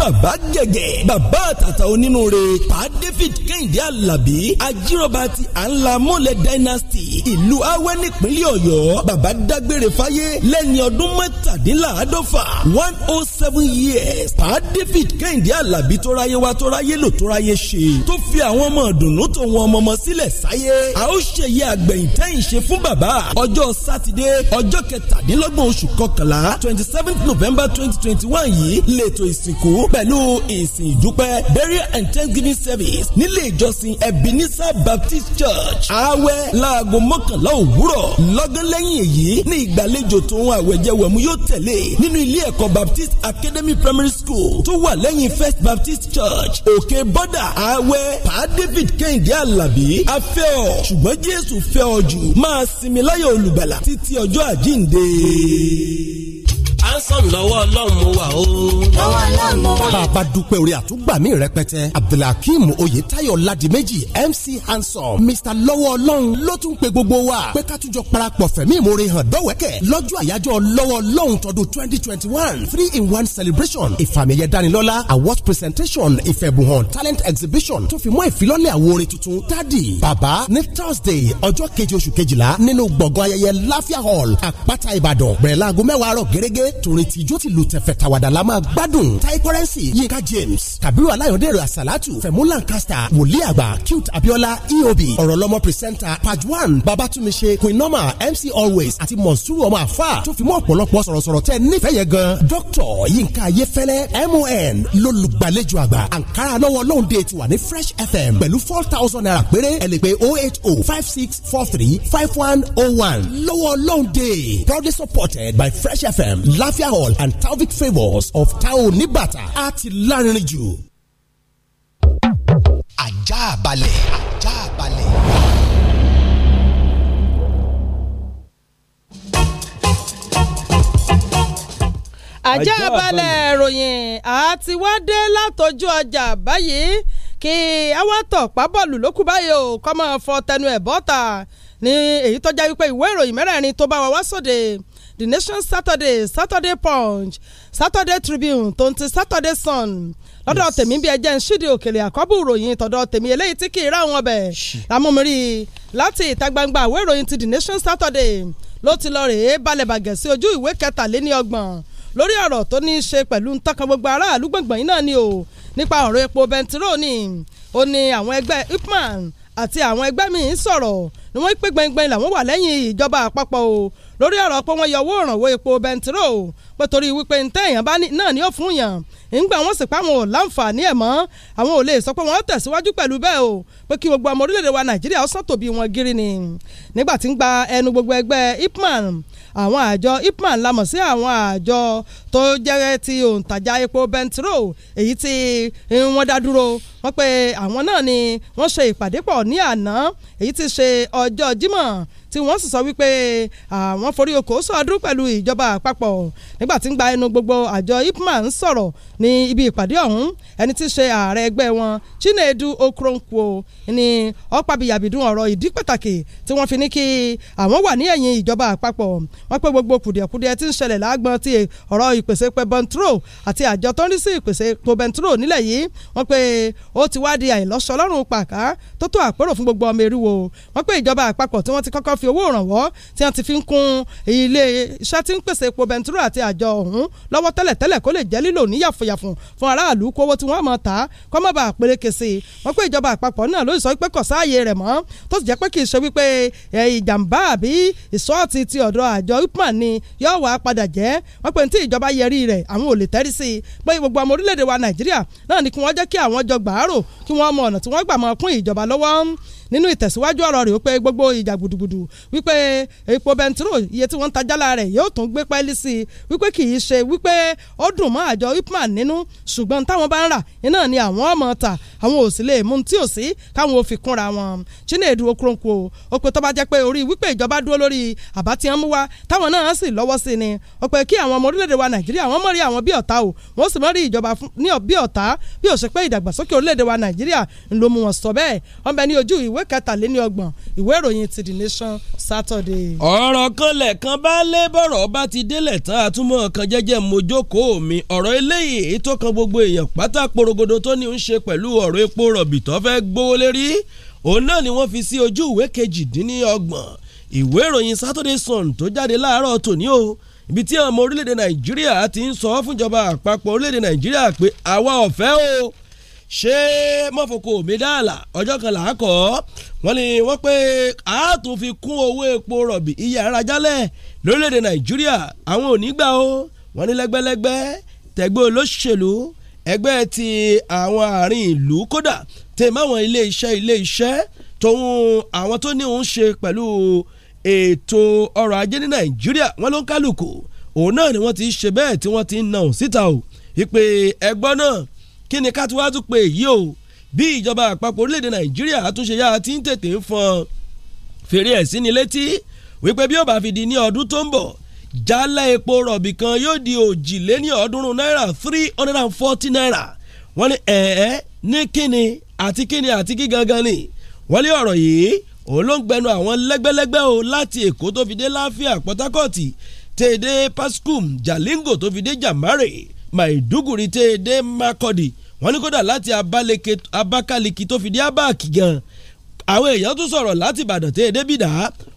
Speaker 2: bàbá gẹ̀gẹ̀ bàbá àtàtà onínúure pa David Kẹ́hìndé alabi ajíròba ti à dynasty ìlú awẹ́ nípínlẹ̀ Ọ̀yọ́ bàbá dágbére fáyé lẹ́ni ọdún mẹ́tàdínláàádọ́fà one oh seven years pa David Kẹ́hìndé alabi tó ráyé wá tó ráyé lò tó ráyé ṣe tó fi àwọn ọmọ ìdùnnú tó wọn ọmọ ọmọ sílẹ̀ sáyé a ó ṣèyí àgbẹ̀yìntẹ́yìn ṣe fún bàbá ọjọ́ sátidé ọjọ́ kẹtàdínlọ́gbọ̀n oṣù kọkànlá twenty seventh November twenty twenty one yìí lẹ́tọ̀ ìsìnkú pẹ̀lú ìsìn ìdúpẹ́ burial and thanksgiving service nílé ìjọsìn Ebenezer Baptist Church àwẹ̀ láago mọ́kànlá òwúrọ̀ lọ́gán lẹ́yìn èyí ní ìgbàlejò tòun àwẹ̀jẹwẹ̀mú yóò tẹ̀lé nínú ilé ẹ̀kọ́ Baptist Academy Primary School tó wà lẹ́yìn First Baptist Church òkè bọ́dà àwẹ̀ pa David Kẹ́hìndé Àlàbí afẹ́ ọ̀ ṣùgbọ́n Jésù fẹ́ ọ jù máa sinmi láyọ̀ olùgbàlà títí ọjọ́ àjíǹde ransom lọ́wọ́ ọlọ́run mo wà o. lọ́wọ́ ọlọ́run mo wà.
Speaker 1: bàbá dúpẹ́ orí àtúgbàmí rẹpẹtẹ abdulhakeem oyetayo ladimeji mc handsome mr lọ́wọ́ ọlọ́run ló tún pe gbogbo wa pé ká tún jọ parapọ̀ fẹ̀mí ìmoore hàn dọ́wẹ́kẹ̀ lọ́jọ́ àyájọ́ lọ́wọ́ ọlọ́run tọdún twenty twenty one three in one celebration ìfàmìyẹ dánilọ́lá awards presentation ìfẹ̀bùhàn talent exhibition tó fi mọ́ ìfilọ́lẹ̀ àwọn orin tuntun tádì bàbá ní thursday ọjọ́ keje oṣù kejìlá nínú gbọ̀ngàn ayẹyẹ láfíà hall àpáta ìbàdàn bẹ̀rẹ̀ láago mẹ́wàá àárọ̀ gẹ́gẹ́ tòrin tìjó ti lu tẹ̀fẹ̀ tàwàdà la máa gbádùn
Speaker 2: tai currency
Speaker 1: yinka james kabiru alayọ̀dẹ̀rẹ̀ asalatu fẹ̀mú lancaster wòlíì àgbà cute abiola eob ọ̀rọ̀lọ́mọ pírísẹ́ńtà One, babatunmise queen norma mc always àti monsuru ọmọ àfà tó fi mọ́ ọ̀pọ̀lọpọ̀ sọ̀rọ̀sọ̀rọ̀ tẹ́ nífẹ̀ẹ́ yẹn gan dr yinka ayefẹ́lẹ́ mon lolùgbàlejò àgbà ankara lọ́wọ́ lóhùndé ti wà ní fresh fm pẹ̀lú four thousand naira péré ẹ lè pè oh eight oh five six four three five one oh one lọ́wọ́ lóhùndé proudly supported by fresh fm Lafia Hall and Talvik Favours of Tao Nibata á ti lárinrin jù. Ajá balẹ̀ ajá balẹ̀.
Speaker 7: ajá balẹ̀ ìròyìn àti wá dé látọjú ọjà báyìí kí awátọ̀ pábọ́ọ̀lù ló báyìí o kọ́mọ fọ tẹnu ẹ̀ bọ́ta ní èyí tọ́já wípé ìwé ìròyìn mẹ́rẹ̀ẹ̀rin tó bá wa wá sóde. So The Nation Saturday Saturday Punch Saturday Tribune tó ń ti Saturday Sun lọ́dọ̀ tèmi bí ẹjẹ́ ń ṣíde òkèlè àkọ́bù ìròyìn tọ̀dọ̀ tèmi eléyìí tí kì í ráwọn ọbẹ̀ lámúmírí láti ìta gbangba àwé ìròyìn ti The Nation Saturday ló ti lọ rèé balẹ̀ bàgẹ́ sí ojú ìwé kẹtàléníọgbọ̀n lórí ọ̀rọ̀ tó ní í ṣe pẹ̀lú ntọ́kan gbogbo aráàlú gbọ̀ngbọ̀n yìí náà ni o nípa ọ̀rọ̀ epo bẹntiróòlì ó ní àwọn ẹgbẹ́ IPMAN àti àwọn ẹgbẹ́ míì sọ̀rọ̀ ni wọ́n pé gbẹngbẹng làwọn wà lẹ́yìn ìjọba àpapọ̀ o lórí ọ̀rọ̀ pé wọ́n yọwọ́ òrànwọ́ epo bẹntiró pé torí wípé ntẹ́ èèyàn bá náà ní ó fún yàn ńgbà wọn sì pa àwọn ò láǹfààní ẹ̀ mọ́ àwọn ò lè sọ pé wọ́n tẹ̀síwájú pẹ̀lú bẹ́ẹ̀ o pé kí gbogbo ọmọ orílẹ̀-èdè wa nàìjíríà ó sàn tòbí wọn gírí ni nígbà tí ń gba ẹnu gbogbo ẹgbẹ́ ipman àwọn àjọ ipman la mọ̀ sí àwọn àjọ tó jẹ́ ti òǹtajà epo bẹntiró èyí tí wọ́n dá dúró wọ́n pé àwọn náà ni wọ́n ṣe ìpàdé pọ̀ ní àná èyí tí ṣe ọjọ́ jímọ̀ tí wọ́n sì sọ wípé àwọn forí oko sọ̀ọ́dún pẹ̀lú ìjọba àpapọ̀ nígbà tí ń gba ẹnu gbogbo àjọ IPMA ń sọ̀rọ̀ ní ibi ìpàdé ọ̀hún ẹni tí í ṣe ààrẹ ẹgbẹ́ wọn Chinedu Okoronkwo ni ọ̀pàbíyàbídún ọ̀rọ̀ ìdí pàtàkì tí wọ́n fi ní kí àwọn wà ní ẹ̀yìn ìjọba àpapọ̀ wọ́n pé gbogbo kùdìẹ̀kudìẹ tí ń ṣẹlẹ̀ lágbọ́n ti ọ̀rọ̀ ìpèsè pẹbẹntró àti àjọ tó ń rí sí ìpèsè pẹbẹntró nílẹ̀ yìí wọ́n pé ó ti wá di àìlọ́sọ̀lọ́rùn pàká tó tó àpérò fún gbogbo ọmọ eriwo wọ́n pé ìjọba àpapọ̀ tí wọ́n ti kọ́kọ́ f fi owó ìrànwọ́ tí wọ́n ti fi ń kún ilé iṣẹ́ tí ń pèsè epo bẹntiró àti àjọ ọ̀hún lọ́wọ́ tẹ́lẹ̀tẹ́lẹ̀ kó lè jẹ́ lílò ní fún aráàlú kówó tí wọ́n mọ̀ ta kọ́ mọ́ bá àpèrèkè sí i wọ́n pé ìjọba àpapọ̀ náà ló sọ pé kò sáàyè rẹ̀ mọ́ tó sì jẹ́ pé kì í ṣe wípé ìjàmbá àbí ìsọ́ọ̀tì ti ọ̀dọ̀ àjọ ipman ni yóò wá padà jẹ́ wọ́n pé tí ìjọba yẹrí rẹ̀ àwọn ò lè tẹ́rí sí i pé gbogbo ọmọ orílẹ̀-èdè wa Nàìjíríà náà ni kí wọ́n jẹ́ kí àwọn jọ gbàárò kí wọ́n mọ ọ̀nà tí wọ́n gbà máa kún ìjọba lọ́wọ́ nínú ìtẹ̀síwájú ọ̀rọ̀ rẹ̀ ó pé gbogbo ìjà gbùdùgbùdù wípé epo bẹntiró iye tí wọ́n ń ta jálá rẹ̀ yóò tún gbé pẹ́ẹ́lí sí i wípé kì í ṣe wípé ó dùn mọ́ àjọ ipman nínú ṣùgbọ́n táwọn bá ń rà iná ni àwọn ọmọ ta àwọn ò sì lè mú tí ò sí káwọn ò fi kúnra wọn Chinedu Okoronkwo ó pé tó bá jẹ́ pé orí wípé ìjọba dúró lórí àbá tí wọ́n mú wá táwọn náà sì lọ́wọ́ sí ni ó pé kí àwọn ọmọ orílẹ̀-èdè wa Nàìjíríà wọ́n mọ̀ rí àwọn bí ọ̀tá o wọ́n sì mọ̀ rí ìjọba bí ọ̀tá bí ó ṣe pé ìdàgbàsókè orílẹ̀-èdè wa Nàìjíríà ń lo mu wọn sọ bẹ́ẹ̀ ọ̀nbẹ ní ojú ìw ìwé kẹtàléníọgbọ̀n ìwé ìròyìn ti The Nation Saturday.
Speaker 2: ọ̀rọ̀ kanlẹ̀ kan bá lé bọ̀rọ̀ bá ti délẹ̀ tán àtúmọ̀ kan jẹ́jẹ́ mojókòó mi ọ̀rọ̀ eléyìí tó kan gbogbo èèyàn pátá porogodo tó ní ń ṣe pẹ̀lú ọ̀rọ̀ epo rọ̀bì tó fẹ́ gbówó lérí òun náà ni wọ́n fi sí ojú ìwé kejìdínlọ́gbọ̀n ìwé ìròyìn Saturday Sun tó jáde láàárọ̀ tòní o ibi tí ọmọ orílẹ̀-èdè Nàìjíríà ti ń sọ fúnjọba àpapọ̀ orílẹ̀-èdè Nàìjíríà pé àwa ọ̀fẹ́ o ṣé mọ́fokò mẹ́dàlà ọjọ́ kan là á kọ́ wọ́n ní wọ́n pé a tún fi kún owó epo rọ̀bì iye ara jálẹ̀ lórílẹ̀‐èdè nàìjíríà àwọn ò ní gbà ó wọ́n ní lẹ́gbẹ́lẹ́gbẹ́ tẹ̀gbẹ́ olóṣèlú ẹgbẹ́ ti àwọn àárín ìlú kódà tẹ̀ máwọn ilé iṣẹ́ ilé iṣẹ́ tòun àwọn tó ní òun ṣe pẹ̀lú ètò ọrọ̀ ajé ní nàìjíríà wọ́n ló ń kálukú òun náà ni wọ́n ti ṣe bẹ́ẹ̀ tí wọ́n ti ń nà síta o wípé ẹgbọ́n náà kí ni ká tí wàá tún pé èyí o bí ìjọba àpapọ̀ orílẹ̀-èdè nàìjíríà àtúnṣe yára ti ń tètè ń fọn fèrè ẹ̀ sí ni létí wípé bí ó bá fi di ní ọdún tó ń bọ̀ jálá epo rọ̀bì kan yóò di òjìléní ọ̀ọ́dúnrún náírà three hundred and forty naira wọ́n ní ẹ̀ẹ́ ní kíni àti kíni àti kí gangan ni wọ́n ní ọ̀rọ̀ yìí òun ló ń gbẹnu àwọn lẹ́gbẹ́lẹ́gbẹ́ o láti èkó tó fi dé láfíà port harcourt tèdè pascum jalingo tó fi dé jamare Maiduguri tẹ́ ẹ dé Makurdi wọ́n ní kódà láti Abakaliki tó fi dé Abaki gan àwọn èèyàn tún sọ̀rọ̀ láti Ìbàdàn tẹ́ ẹ dé Bìdà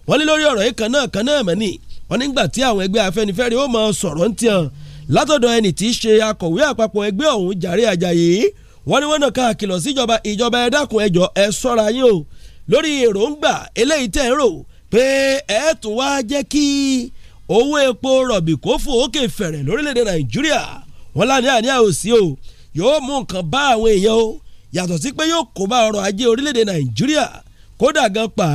Speaker 2: wọ́n ní lórí ọ̀rọ̀ yìí kan náà kan náà mọ̀ ni wọ́n nígbà tí àwọn ẹgbẹ́ Afẹ́nifẹ́re ó mọ sọ̀rọ̀ ń tiẹ̀ látọ̀dọ̀ ẹni tí í ṣe akọ̀wé àpapọ̀ ẹgbẹ́ ọ̀hún Jàre Àjàyí wọ́n ní wọ́n náà ká kìlọ̀ síjọba ìjọba ẹ dákun ẹ jọ̀ọ́ ẹ ṣọ́ra yín o lórí èròǹgbà eléyìí tẹ̀ ń rò pé ẹ tún wá jẹ́ kí owó epo rọ̀bì kó fò ókè fẹ̀rẹ̀ lórílẹ̀‐èdè Nàìjíríà wọ́n láàní àní àòsí o yóò mú nǹkan bá àwọn èèyàn o yàtọ̀ sí pé yóò kó bá ọrọ̀ ajé orílẹ̀-èdè nàìjíríà kódà gan pa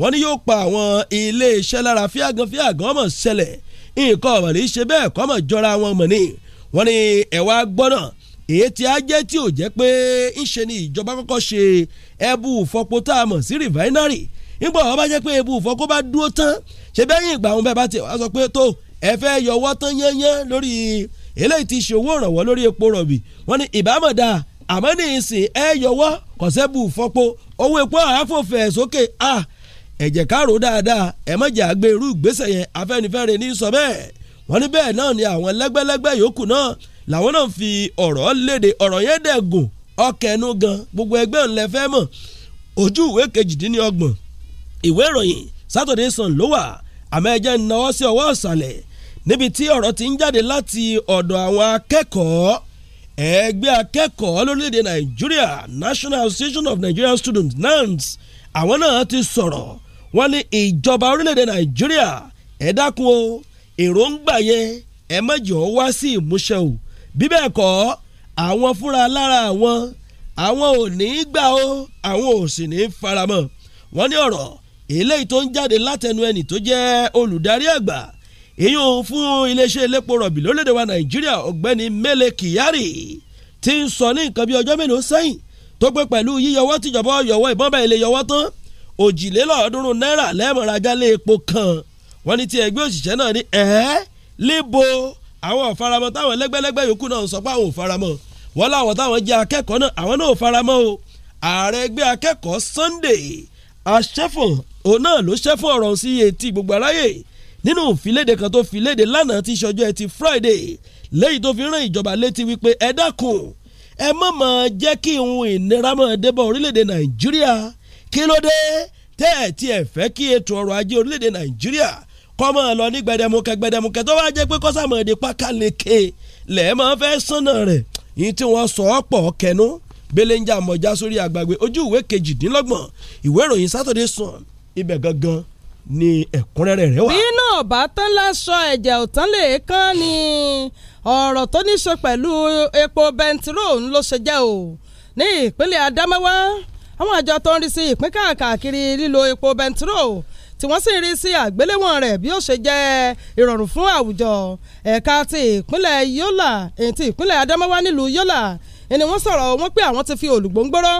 Speaker 2: wọ́n ní yóò pa àwọn iléeṣẹ́ lára fíàgàn fíàgàn ọmọ ṣẹlẹ̀ nǹkan ọ̀mọ̀ ní í ṣe bẹ́ẹ̀ kọ́mọ̀ jọra wọn mọ̀ ni wọ́n ní ẹ̀wà gbọ́nà èyí tí a jẹ́ tí ò jẹ́ pé ń ṣe ni ìjọba kọ́kọ́ ṣe ẹbú ìfọpo tá a mọ̀ sí rìfáínárì nígbà wọn bá jẹ́ pé ẹbú ìfọpo bá dúró tán ṣe bẹ́yìn ìgbà wọn bẹ́ẹ̀ bá ti wá sọ pé tó ẹ fẹ́ yọwọ́ tán yẹ́nyẹ́ lórí eléyìí ti ṣe owó ìrànwọ́ lórí epo rọ̀bì wọ́n ní ìbámu dáa àmọ́ ní ìsìn ẹ owó epo àáfòfẹ́ sókè a ẹ jẹ́ dáadáa ẹ má irú ìgbésẹ̀ yẹn Afẹ́nifẹ́re ní sọ bẹ́ẹ̀ wọ́n ní bẹ́ẹ̀ ni àwọn lẹ́gbẹ́lẹ́gbẹ́ yòókù náà làwọn náà fi ọ̀rọ̀ léde ọ̀rọ̀ yẹn gan gbogbo ẹgbẹ́ ńlẹ̀ fẹ́ mọ̀ ojú ìwé kejìdínlọ́gbọ̀n ìwé ìròyìn Saturday Sun ló wà àmọ́ sí níbi tí ọ̀rọ̀ ti ń jáde láti ọ̀dọ̀ àwọn akẹ́kọ̀ọ́ ẹgbẹ́ akẹ́kọ̀ọ́ lórílẹ̀‐èdè Nàìjíríà National Association of Nigerian Students NANS àwọn náà ti sọ̀rọ̀ wọ́n ní ìjọba orílẹ̀‐èdè Nàìjíríà ẹ dákun o èròǹgbà yẹn ẹ má jẹ́ ó wá sí ìmúṣẹ o bí bẹ́ẹ̀ kọ́ àwọn fúnra lára àwọn àwọn ò ní í gbà ó àwọn ò sì ní í faramọ́ wọ́n ní ọ̀rọ̀ eléyìí tó ń jáde látẹnu ẹni tó jẹ́ olùdarí àgbà ìyún fún iléeṣẹ́ elépo rọ̀bì lórílẹ̀‐èdè wa nàìjíríà ọ̀gbẹ́ni mele kyari ti ń sọ ní nǹkan bí ọjọ́ mélòó sẹ́yìn tó pé pẹ̀lú yíyọwọ́ tìjọba yọwọ́ ìbọn bá ilé yọwọ́ tán òjìlélọ́ọ̀ọ́dúnrún náírà lẹ́ẹ̀mọ́rajà lé epo kan wọ́n ní ti ẹgbẹ́ òṣìṣẹ́ náà ní ẹ̀ẹ́ lébo àwọn òfaramọ́ táwọn lẹ́gbẹ́lẹ́gbẹ́ yòókù náà ń sọ pé àwọn òfaramọ́ wọ́n láwọn táwọn jẹ́ akẹ́kọ̀ọ́ náà àwọn náà òfaramọ́ o ààrẹ ẹgbẹ́ akẹ́kọ̀ọ́ Sunday aṣẹ́fọ̀n òun náà ló ṣẹ́fọ̀n ọ̀rọ̀ sí etí gbogbo aráyè nínú ìfiléde kan tó fi léde lánàá tí ìṣọjọ́ ẹtì Friday lẹ́yìn tó fi rán ìjọba létí wípé ẹ dákun ẹ má máa jẹ́ kí ohun ìnira máa débọ̀ orílẹ̀-èdè Nàìjíríà kí ló dé tẹ́ ẹ̀ tí ẹ̀ fẹ́ kí ètò ọrọ̀ ajé orílẹ̀-èdè Nàìjíríà kọ́ máa lọ ní gbẹdẹmukẹ gbẹdẹmukẹ tó bá jẹ́ pé kọ́sàmọ̀dé pákáleke lẹ́ẹ̀ máa fẹ́ sánà rẹ̀ yìí tí wọ́n sọ ọ́ kẹnu belenja mọ̀já sórí àgbàgbé ojú ìwé kejìdínlọ́gbọ̀n ìwé ìròyìn Saturday Sun ibẹ̀ gangan ni ẹ̀kúnrẹ́rẹ́ rẹ̀ wà. bí
Speaker 7: náà bá tán láṣọ ẹ̀jẹ̀ ò tán lè kán ni ọ̀rọ̀ tó ní ṣe pẹ̀lú epo bẹntiró ló ṣe jẹ́ o ní ìpínlẹ̀ Adamawa àwọn àjọ tó ń rí sí ìpín káàkiri lílo epo bẹntiró tí wọ́n sì ń rí sí àgbéléwọ̀n rẹ̀ bí ó ṣe jẹ́ ìrọ̀rùn fún àwùjọ ẹ̀ka ti ìpínlẹ̀ Yola èyí ìpínlẹ̀ Adamawa nílùú Yola ni wọ́n sọ̀rọ̀ wọ́n pé àwọn ti fi olùgbòǹgbòrò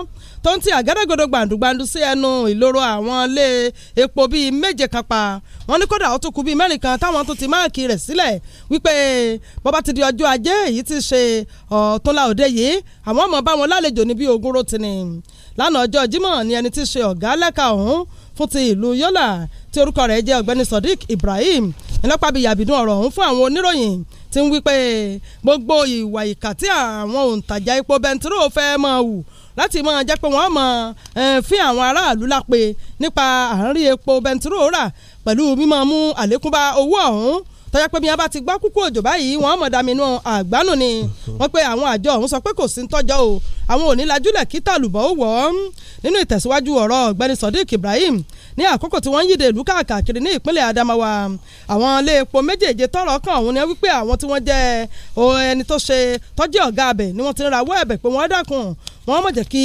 Speaker 7: tó ń ti àgádágodo gbàǹdùgbàǹdù sí ẹnu ìloro àwọn ilé epo bíi méje kan pa wọ́n ní kódà ó tún kù bíi mẹ́rin kan táwọn tó ti máàkì rẹ̀ sílẹ̀ wípé bọ́ba ti di ọjọ́ ajé èyí ti ṣe ọ̀túnla òde yìí àwọn ọmọ bá wọn lálejò ní bíi ogún lánàá ọjọ́ Jímọ̀ ni ẹni tí ṣe ọ̀gá lẹ́ka ọ̀hún fún ti ìlú Yọ́là tí orúkọ rẹ̀ jẹ́ ọ̀gbẹ́ni Sodiq Ibrahim ńlọ́pàá bíi yàbìdún ọ̀rọ̀ ọ̀hún fún àwọn oníròyìn ti ń wípé gbogbo ìwà ìkà tí àwọn òǹtajà epo bẹntiró fẹ́ máa wù láti máa jẹ́ pé wọ́n mọ̀ fí àwọn aráàlú lápè nípa àárín epo bẹntiró rà pẹ̀lú mímọ́ mú àlékún bá owó ọ̀hún tọ́jà pé bí wọ́n bá ti gbọ́ kúkú òjò báyìí wọ́n mọ̀ dàmínú àgbánu ni wọ́n pe àwọn àjọ ọ̀hún sọ pé kò sí tọ́jọ́ o àwọn ò ní lajúlẹ̀ kí tàlùbọ̀ wọ̀ ọ́ nínú ìtẹ̀síwájú ọ̀rọ̀ ọ̀gbẹ́ni Sodiq Ibrahim ní àkókò tí wọ́n ń yíde ìlú káàkiri ní ìpínlẹ̀ Adamawa àwọn ilé epo méjèèje tọ́rọ̀ kàn ọ̀hún ni wípé àwọn tí wọ́n jẹ́ ẹni tó ṣe tọ́jú ọ̀gá abẹ̀ ni wọ́n ti ń rawọ́ ẹ̀bẹ̀ pé wọ́n dákun wọ́n mọ̀ jẹ́ kí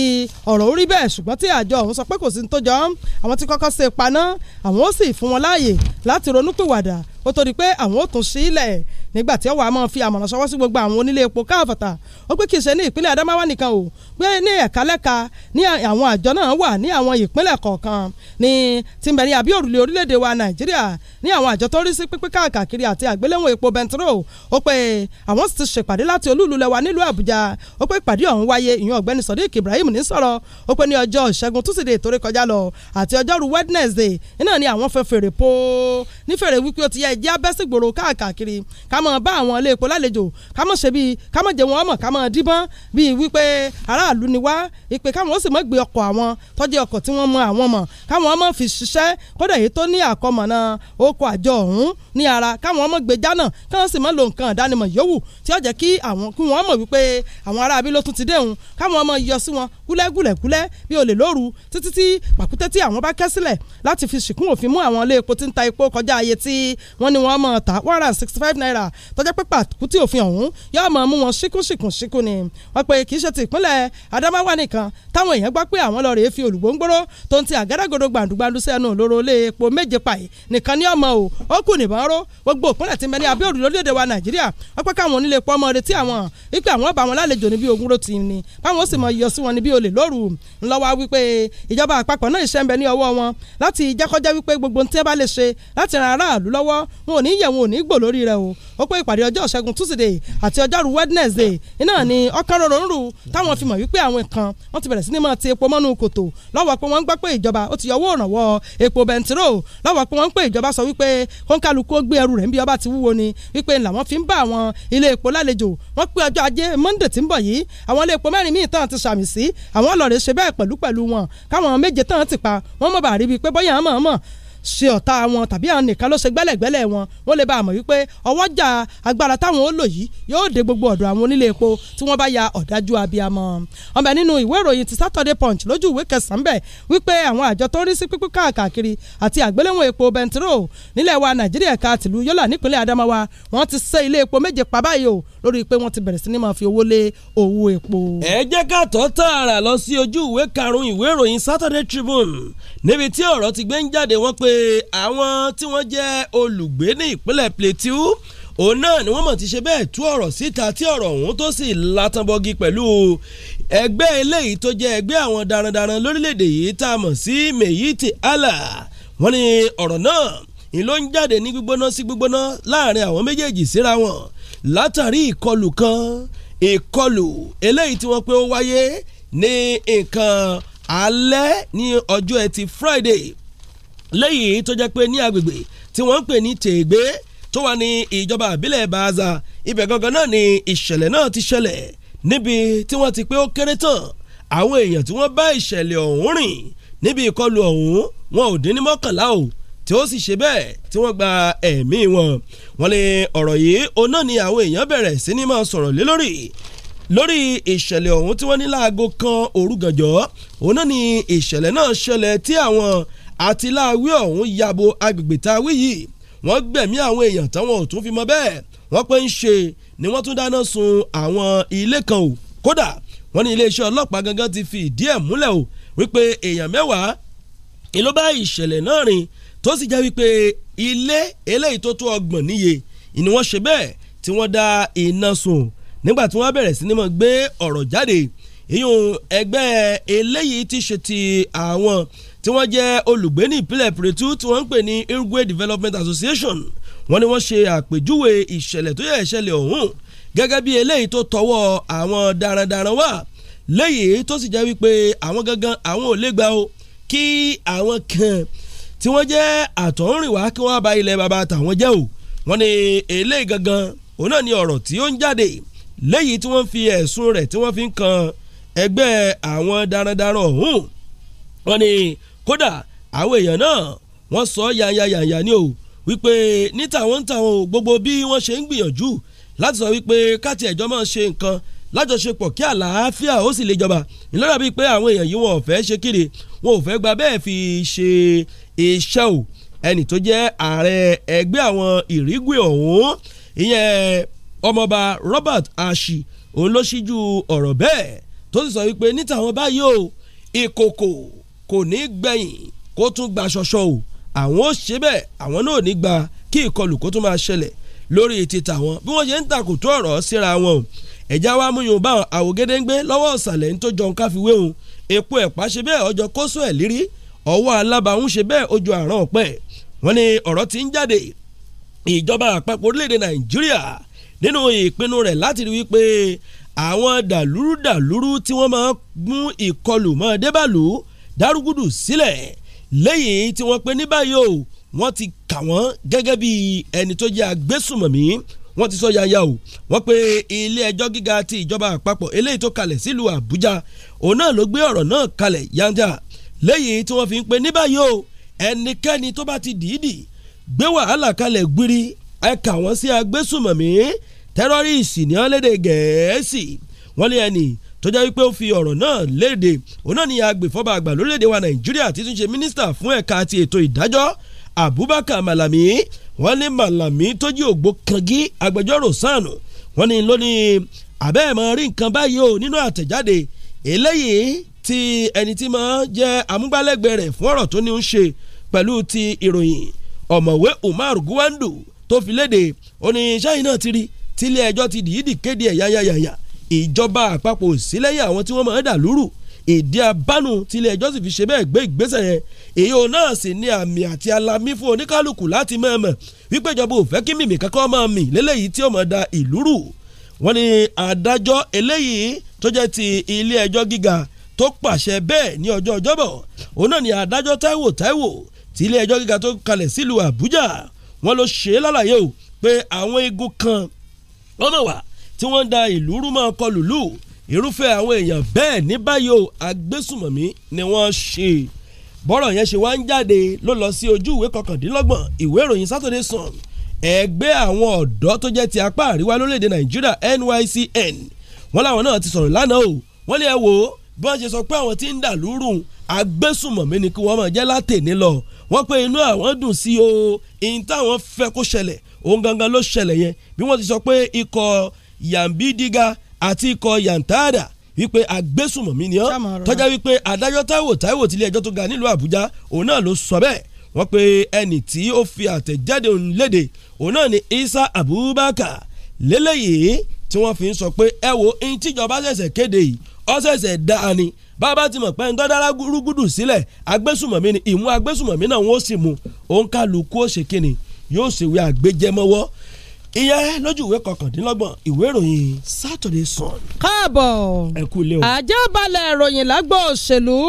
Speaker 7: ọ̀rọ̀ orí bẹ́ẹ̀ ṣùgbọ́n tí àjọ ọ̀hún sọ pé kò sí ní tó jọ àwọn tí kọ́kọ́ ṣe paná àwọn ó sì fún wọn láàyè láti ronúpìwàdà ó torí pé àwọn ó tún sílẹ̀ nígbà tí ọwọ́ àmọ́ fi àmọ̀ràn sọwọ́ sí gbogbo àwọn onílé epo káàfọ̀tà ó pé kìí ṣe ní ìpínlẹ̀ Adamawa nìkan o pé ní ẹ̀kálẹ́ka ní àwọn àjọ náà wà ní àwọn ìpínlẹ̀ kọ̀ọ̀kan ní tìǹbẹ̀rì àbí òrùlé orílẹ̀-èdè wa Nàìjíríà ní àwọn àjọ tó rí sí pínpín káàkiri àti àgbéléwọ̀n epo bẹntiró ó pé àwọn sì ti ṣèpàdé láti olúùlú lẹwa nílùú Àbújá ó pé ìpàdé ọ̀hún wáyé ìyẹn ọ̀gbẹ́ni Sodiq Ibrahim ní sọ̀rọ̀ ó pé ní ọjọ́ ìṣẹ́gun túsídẹ̀ẹ́ tó rí kọjá lọ àti ọjọ́rú Wednesday iná ni àwọn fẹ́ fèrè po ní fèrè wípé ó ti yẹ ẹjẹ́ abẹ́sígbòrò káàkiri káàmọ́ mọ̀ bá àwọn ilé epo lálejò ká mọ̀ ṣe bíi ká mọ̀ jẹ wọn mọ̀ ká mọ̀ díbọ́n bíi wípé aráàlú ni wá ìpè káwọn ó sì mọ̀ gbé ọkọ̀ àwọn tọ́jú ọkọ̀ tí wọ́n mọ àwọn mọ̀ káwọn mọ̀ fi ṣiṣẹ́ kódà èyí tó ní àkọmọ̀nà okọ̀ àjọ ọ̀hún ní ara káwọn mọ̀ gbé jánà káwọn sì mọ̀ lo nǹkan ìdánimọ̀ yòówù tí ó jẹ́ kí àwọn kí wọ́n mọ̀ wípé àwọn ará abí ló tún ti déhùn káwọn mọ̀ yọ sí wọn gúlẹ́gúlẹ́gúlẹ́ bí olè lóru títí tí pàkúté tí àwọn bá kẹ́ sílẹ̀ láti fi ṣìkún òfin mú àwọn ilé epo tí ń ta epo kọjá àyè tí wọ́n ní wọ́n mọ̀ ta one hundred and sixty five naira tọ́jọ́ pé pàkútì òfin ọ̀hún yóò máa mú wọn síkúsìkún síkú ni wọ́n pe kì í ṣe ti ìpínlẹ̀ Adamawa nìkan táwọn èèyàn gbọ́ pé àwọn lọ́ọ̀rẹ́ fi olùgbòǹgbòrò tó ń ti àgádágodo gbàǹdùgbàǹdù sẹ́nu òlóró lé epo méje pàì nìkan ní ọmọ o ó kù nìbọn ró gbogbo ìpínlẹ̀ ti mẹ́ni abíòrù lórílẹ̀‐èdè wa Nàìjíríà wọ́n pẹ́ káwọn onílé pọ́ ọmọ retí àwọn wípé àwọn ọba àwọn lálejò níbi ogun ló ti ní báwọn ó sì mọ iyọ̀ sí wọn níbi olè lóru ńlọ́wọ́ wípé ìjọba àpapọ̀ náà iṣẹ́ ń bẹ ní ọwọ́ wọn láti jẹ́kọ́jẹ́ wípé gbogbo ohun tí wọ́n bá lè ṣe láti ran aráàlú lọ́wọ́ wọn ò ní yẹ̀ wọn ò ní gbò lórí rẹ̀ o ó pé ìpàdé ọjọ́ ṣẹ́gun tuesday àti ọjọ́rú wednesday iná ni ọkàn rọrùnrù táwọn fi mọ̀ wípé àwọn kan wọ́n ti bẹ̀rẹ̀ sí ni máa ti epo mọ́nú kòtò lọ́wọ́ pé wọ́n ń gbọ́ pé ìjọba ó ti yọwọ́ ìrànwọ́ epo bẹntiró lọ́wọ́ pé wọ́n ń pè ìjọba sọ wípé kọ́ńkálukú ó gbé ẹrù rẹ̀ níbi ọba ti wúwo ni wípé làwọn fi ń bá àwọn ilé epo lálejò wọ́n pé ọjọ́ ajé monday ti ń bọ̀ yìí àwọn ilé epo mẹ́rin míì tán ti sàmì sí àwọn ọlọ́rẹ̀ ṣe bẹ́ẹ̀ pẹ̀lú pẹ̀lú wọn káwọn méje tán ti pa wọ́n mọ̀ bàrí bíi pé bọ́yà á mọ̀ ọ́n mọ̀ ṣe ọ̀tá wọn tàbí àwọn nìkan ló ṣe gbẹ́lẹ̀gbẹ́lẹ̀ wọn wọ́n lè bá a mọ̀ wípé ọwọ́jà agbára táwọn ó lò yìí yóò dé gbogbo ọ̀dọ̀ àwọn onílé epo tí wọ́n bá ya ọ̀dájú abiyamọ. ọbẹ̀ nínú ìwé ìròyìn ti Saturday Punch lójú ìwé kẹsàn-án bẹ̀ wípé àwọn àjọ tó ń rí sí pípín káàkiri àti àgbéléwọ̀n epo bẹntiró nílẹ̀ wa Nàìjíríà ká tìlú Yọ́là nípínlẹ̀ Adamawa wọ́n ti ṣe ilé epo méje pa báyìí lórí pé wọ́n ti bẹ̀rẹ̀ sí ni máa fi owó lé owó epo.
Speaker 2: ẹ jẹ́ ká tọ́ tààrà lọ sí ojú ìwé karùn-ún ìwé ìròyìn Saturday Tribune níbi tí ọ̀rọ̀ ti gbé ń jáde wọ́n pé àwọn tí wọ́n jẹ́ olùgbé ní ìpínlẹ̀ Plateau òun náà ni wọ́n mọ̀ ti ṣe bẹ́ẹ̀ tú ọ̀rọ̀ síta tí ọ̀rọ̀ ọ̀hún tó sì latanbọ́gi pẹ̀lú ẹgbẹ́ eléyìí tó jẹ́ ẹgbẹ́ àwọn darandaran lórílẹ̀‐èdè yìí tá a mọ̀ sí Meyiti Allah wọ́n ní ọ̀rọ̀ náà ni ló ń jáde ní gbígbóná sí gbígbóná láàrin àwọn méjèèjì síra wọn látàrí ìkọlù kan ìkọlù eléyìí tí wọ́n pé ó wáyé ní nǹkan alẹ́ ní ọjọ́ ẹtì Friday lẹ́yìn tó jẹ́ pé ní agbègbè tí wọ́n ń pè ní tègbé tó wà ní ìjọba àbílẹ̀ Baza ibẹ̀ gangan náà ni ìṣẹ̀lẹ̀ náà ti ṣẹlẹ̀ níbi tí wọ́n ti pé ó kéré tán àwọn èèyàn tí wọ́n bá ìṣẹ̀lẹ̀ ọ̀hún rìn níbi ìkọlù ọ̀hún wọn ò dín ní mọ́kànlá o tí ó sì ṣe bẹ́ẹ̀ tí wọ́n gba ẹ̀mí wọn wọ́n lé ọ̀rọ̀ yìí òun náà ni àwọn èèyàn bẹ̀rẹ̀ sí ní máa sọ̀rọ̀ lé lórí lórí ìṣẹ̀lẹ̀ ọ̀hún tí wọ́n ní láago kan òru gànjọ́ òun ni ìṣẹ̀lẹ̀ náà ṣẹlẹ̀ tí àwọn àtìláwí ọ̀hún yabo agbègbè tá a wí yìí wọ́n gbẹ̀mí àwọn èèyàn táwọn ò tún fi mọ bẹ́ẹ̀ wọ́n pé ń ṣe ni wọ́n tún dáná sun àwọn ilé kan o kódà wọ́n ní iléeṣẹ́ ọlọ́pàá gangan ti fi ìdí ẹ̀ múlẹ̀ o wípé èèyàn mẹ́wàá ni bá ìṣẹ̀lẹ̀ náà rìn tó sì jẹ́ wípé ilé eléyìí tó tó ọgbọ̀n níye ni wọ́n ṣe bẹ́ẹ̀ tí wọ́n dá iná sun nígbà tí wọ́n bẹ̀rẹ̀ sí ni mọ̀ gbé ọ̀rọ̀ jáde ìyún ẹgbẹ́ eléyìí ti ṣe ti àwọn tí wọ́n jẹ́ olùgbé ní ìpínlẹ̀ Plateau tí wọ́n ń pè ní Irigwe Development Association wọ́n ní wọ́n ṣe àpèjúwe ìṣẹ̀lẹ̀ tó yẹ ìṣẹ̀lẹ̀ ọ̀hún gẹ́gẹ́ bí eléyìí tó tọwọ́ àwọn darandaran wà léyìí tó sì jẹ́ wípé àwọn gangan àwọn ò lè gbà o kí àwọn kan tí wọ́n jẹ́ àtọ̀húnrìnwá kí wọ́n bá ilẹ̀ bàbá tàwọn jẹ́ o wọ́n ní eléyìí gangan òun náà ni ọ̀rọ̀ tí ó ń jáde léyìí tí wọ́n fi ẹ̀sùn rẹ̀ tí wọ́n fi ń kan ẹgbẹ́ àwọn darandaran ọ̀hún wọ́n ní kódà àwọn èèyàn náà wọ́n sọ yanyanyanya ni o wípé ní tàwọn tàwọn gbogbo bí wọ́n ṣe ń gbìyànjú láti sọ wípé káàtì ẹ̀jọ́ máa ṣe nǹkan lájọṣepọ̀ kí àlàáfíà ó sì lè jọba ìlọ́dà bíi pé àwọn èèyàn yìí wọn ò fẹ́ ṣe kiri wọn ò fẹ́ gba bẹ́ẹ̀ fi ṣe iṣẹ́ o ẹnì tó jẹ́ ààrẹ ẹgbẹ́ àwọn ìrígbè ọ̀hún ìyẹn ọmọọba Robert Ashi òun ló ṣíjú ọ̀rọ̀ bẹ́ẹ̀ tó sì sọ wípé níta àwọn báyìí o ìkòkò kò ní gbẹ̀yìn kó tún gba ṣọṣọ o àwọn ò ṣe bẹ́ẹ̀ àwọn náà ò ní gba kí ìkọlù kó tún máa ṣẹlẹ̀ lórí títà wọn bí wọ́n ṣe ń takò ọ̀rọ̀ síra wọn o ẹ̀já wa mú yorùbá àwògedengbe lọ́wọ́ ọ̀sàlẹ̀ ní tó jọ nǹkan fi wéhun epo ẹ̀pá ṣe bẹ́ẹ̀ ọjọ́ kóso ẹ̀ lírí ọwọ́ alábàáhùn ṣe bẹ́ẹ̀ ojú àrán ọ̀pẹ́ wọ́n ní ọ̀rọ̀ tí ń jáde ìjọba àpapọ̀ orílẹ̀-èdè nàìjíríà nínú ìpinnu rẹ̀ láti rí wípé àwọn dàlúrúdàlúrú tí wọ́n máa mú ìkọlù mọ́ débàlú dárúgùdù sílẹ̀ lẹ́yìn tí wọ́n pe ní báyìí o wọ́n ti kà wọ́n gẹ́gẹ́ bí ẹni tó jẹ́ agbésùmọ̀mí wọ́n ti sọ yaya o wọ́n pe ilé ẹjọ́ gíga ti ìjọba àpapọ̀ eléyìí tó kalẹ̀ sílùú Àbújá òun náà ló gbé ọ̀rọ̀ náà kalẹ̀ yanja lẹ́yìn tí wọ́n fi ń pe ní báyìí o ẹnikẹ́ni tó bá ti dìídì gbé wàhálà kalẹ̀ gbiri ẹ kà sí agbésùmọ̀mí tẹ́rọ́rìsì ní ọ̀lẹ́dẹ̀ gẹ̀ẹ́sì wọ́n lé ẹni tó jẹ́ wípé ó fi ọ̀rọ̀ náà léde òun náà ni agbèfọ́ba àgbà lórílẹ̀ wa Nàìjíríà ti tún ṣe mínísítà fún ẹ̀ka àti ètò ìdájọ́ Abubakar Malami wọ́n ní Malami tó jí ògbó kangi agbẹjọ́rò sànù wọ́n ní lónìí abẹ́ẹ̀ mọ̀ rí nǹkan báyìí o nínú àtẹ̀jáde eléyìí ti ẹni tí mọ̀ jẹ́ amúgbálẹ́gbẹ̀ẹ́ rẹ̀ fún ọ̀rọ̀ tó ní ń ṣe pẹ̀lú ti ìròyìn ọ̀mọ̀wé Umar Gwandu tó fi léde oníṣẹ́yìn náà ti rí tílé ẹjọ́ ti dìídì kéde ẹ̀ yáyáyáyá ìjọba àpapọ̀ sílẹ̀yìn àwọn tí wọ́n máa ń dà ìdí abánu tí ilé ẹjọ́ sì fi ṣe bẹ́ẹ̀ gbé ìgbésẹ̀ yẹn èyí ò náà sì ní àmì àti alamí fún oníkálukú láti mọ̀ọ́mọ̀ wípé ìjọba ò fẹ́ kí mìmì kankan máa mì lélẹ́yìí tí ó máa da ìlú rú wọ́n ní adájọ́ eléyìí tó jẹ́ ti ilé ẹjọ́ gíga tó pàṣẹ bẹ́ẹ̀ ní ọjọ́ ọjọ́bọ̀ òun náà ni adájọ́ Táíwò Táíwò ti ilé ẹjọ́ gíga tó kalẹ̀ sílùú Àbújá wọ́n ló ṣe é lálàyé o pé àwọn igun kan wọ́n mọ̀ tí wọ́n da ìlú rú mọ́ ọkọ lùlù irúfẹ́ àwọn èèyàn bẹ́ẹ̀ ní báyìí o agbésùmọ̀mí ni wọ́n ṣe bọ́rọ̀ yẹn ṣe wá ń jáde ló lọ sí ojú ìwé kọkàndínlọ́gbọ̀n ìwé ìròyìn Saturday Sun ẹgbẹ́ àwọn ọ̀dọ́ tó jẹ́ ti apá àríwá lórílẹ̀‐èdè Nàìjíríà NYCN wọ́n láwọn náà ti sọ̀rọ̀ lánàá o wọ́n lé ẹ wò ó bí wọ́n ṣe sọ pé àwọn tí ń dà lúrù agbésùmọ̀mí ni kí wọ́n máa jẹ́ látẹ̀ní lọ wọ́n pé inú àwọn dùn sí o ìyìn táwọn fẹ́ kó ṣẹlẹ̀ òun gangan ló ṣẹlẹ̀ yẹn bí wọ́n ti sọ pé ikọ̀ yàmbídígà àti ikọ̀ yantara wípé agbésùmọ̀mí ni ọ́ tọ́já wípé adájọ́ táwò táwò tilé ẹjọ́ tó ga nílùú àbújá òun náà ló sọ bẹ́ẹ̀ wọ́n pe ẹnì tí ó fi àtẹ̀jáde òun léde òun náà ni isa abubakar lélẹ́yìí tí wọ́n fi ń sọ pé ẹ wo ẹni tíjọba ṣẹ̀ṣẹ̀ kéde yìí ó ṣẹ̀ṣẹ̀ dáa ni bàbá ti mọ̀ pé ń dọ́dára rúgúdù sílẹ̀ agbésùmọ̀mí ni ìmú agbésùmọ̀mí náà wọ́n sì mú òun kálukú ó ṣe kíni yóò ṣèwé àgbéjẹmọ́wọ́ ìyẹn lójú ìwé kọkàndínlọ́gbọ̀n ìwé ìròyìn Saturday Sun. káàbọ̀ ẹ kú ilé
Speaker 7: o. àjẹbalẹ̀ ìròyìn lágbo òṣèlú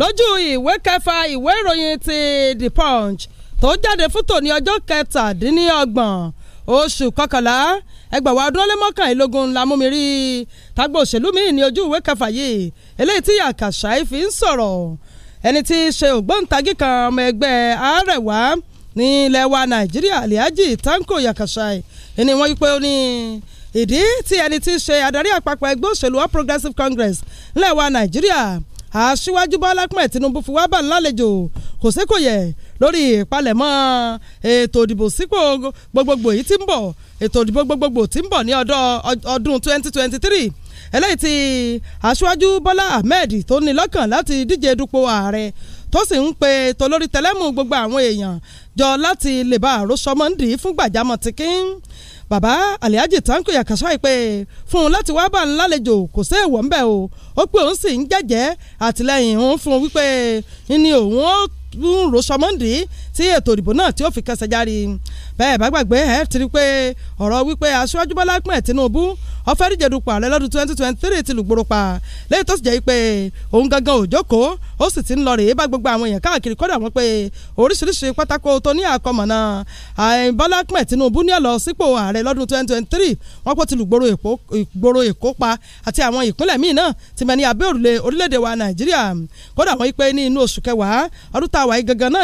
Speaker 7: lójú ìwé kẹfà ìwé ìròyìn ti The Punch tó jáde fún tòní ọjọ́ kẹtàdínlọ́gbọ̀n oṣù kọkànlá ẹgbàá wa dúró lé mọ́kànlélógún la mú mi rí tágbó òṣèlú mi ní ojú ìwé kẹfà yìí eléyìí tí Àkàṣà fi ń sọ̀rọ̀ ẹni tí í ṣe ògbóǹtagì kan ọmọ ẹgbẹ́ Arẹwà ní ilẹ̀ wa nàìjíríà alihaji tanko yakasai ẹni wọ́n yí pé ó ní ìdí tí ẹni tí í ṣe adarí àpapọ̀ ẹgbẹ́ òṣèlú all progressives congress ilẹ̀ wa nàìjíríà aṣíwájú bọ́lá ahmed tinubu fi wá bá ń lálejò kò sí kò yẹ lórí ìpalẹ̀mọ́ ètò ìdìbò sípò gbogbogbò yìí tí ń bọ̀ ètò ìdìbò gbogbogbò tí ń bọ̀ ní ọdún 2023 eléyìí tí aṣíwájú bọ́lá ahmed tó ní lọ́kàn láti díje dupò ààrẹ tó sì ń pe tolórí tẹlẹ́mù gbogbo àwọn èèyàn jọ láti lè bá àròsọ mọ́ndì fún gbàjámọ̀ ti kín bàbá alihaji tanko yakasa ìpè fún un láti wá bá ń lálejò kò sí èèwọ̀ ńbẹ̀ o ó pé òun sì ń jẹ́jẹ́ àtìlẹ́yìn òun fún un wípé ní òun ó ń rò sọmọ́ndì tí ètò ìdìbò náà tí ó fi kẹsẹ̀ járí bẹ́ẹ̀ bá gbàgbé ẹ̀ ti rí pé ọ̀rọ̀ wípé aṣáájú Bọ́lá pẹ̀ Tinubu ọ̀fẹ́ díje ààrẹ lọ́dún twenty twenty three ti lùgbòrò pa lẹ́yìn tó sì jẹ́ pé òun gangan ò jókòó ó sì ti ń lọ rèé bá gbogbo àwọn èèyàn káàkiri kọ́dà wọn pé oríṣiríṣi pátákó tó ní àkọmọ̀nà Bọ́lá pẹ̀ Tinubu ní ọ̀lọ́ sípò ààrẹ lọ́dún twenty twenty three wọ́n kó ti lùgbòrò ìgboro Èkó pa àti àwọn ìpínlẹ̀ míì náà ti mẹ́ni abẹ́ òrùlé orílẹ̀-èdè wa Nàìjíríà kọ́dà wọn pé ní inú oṣù kẹwàá ọdún tá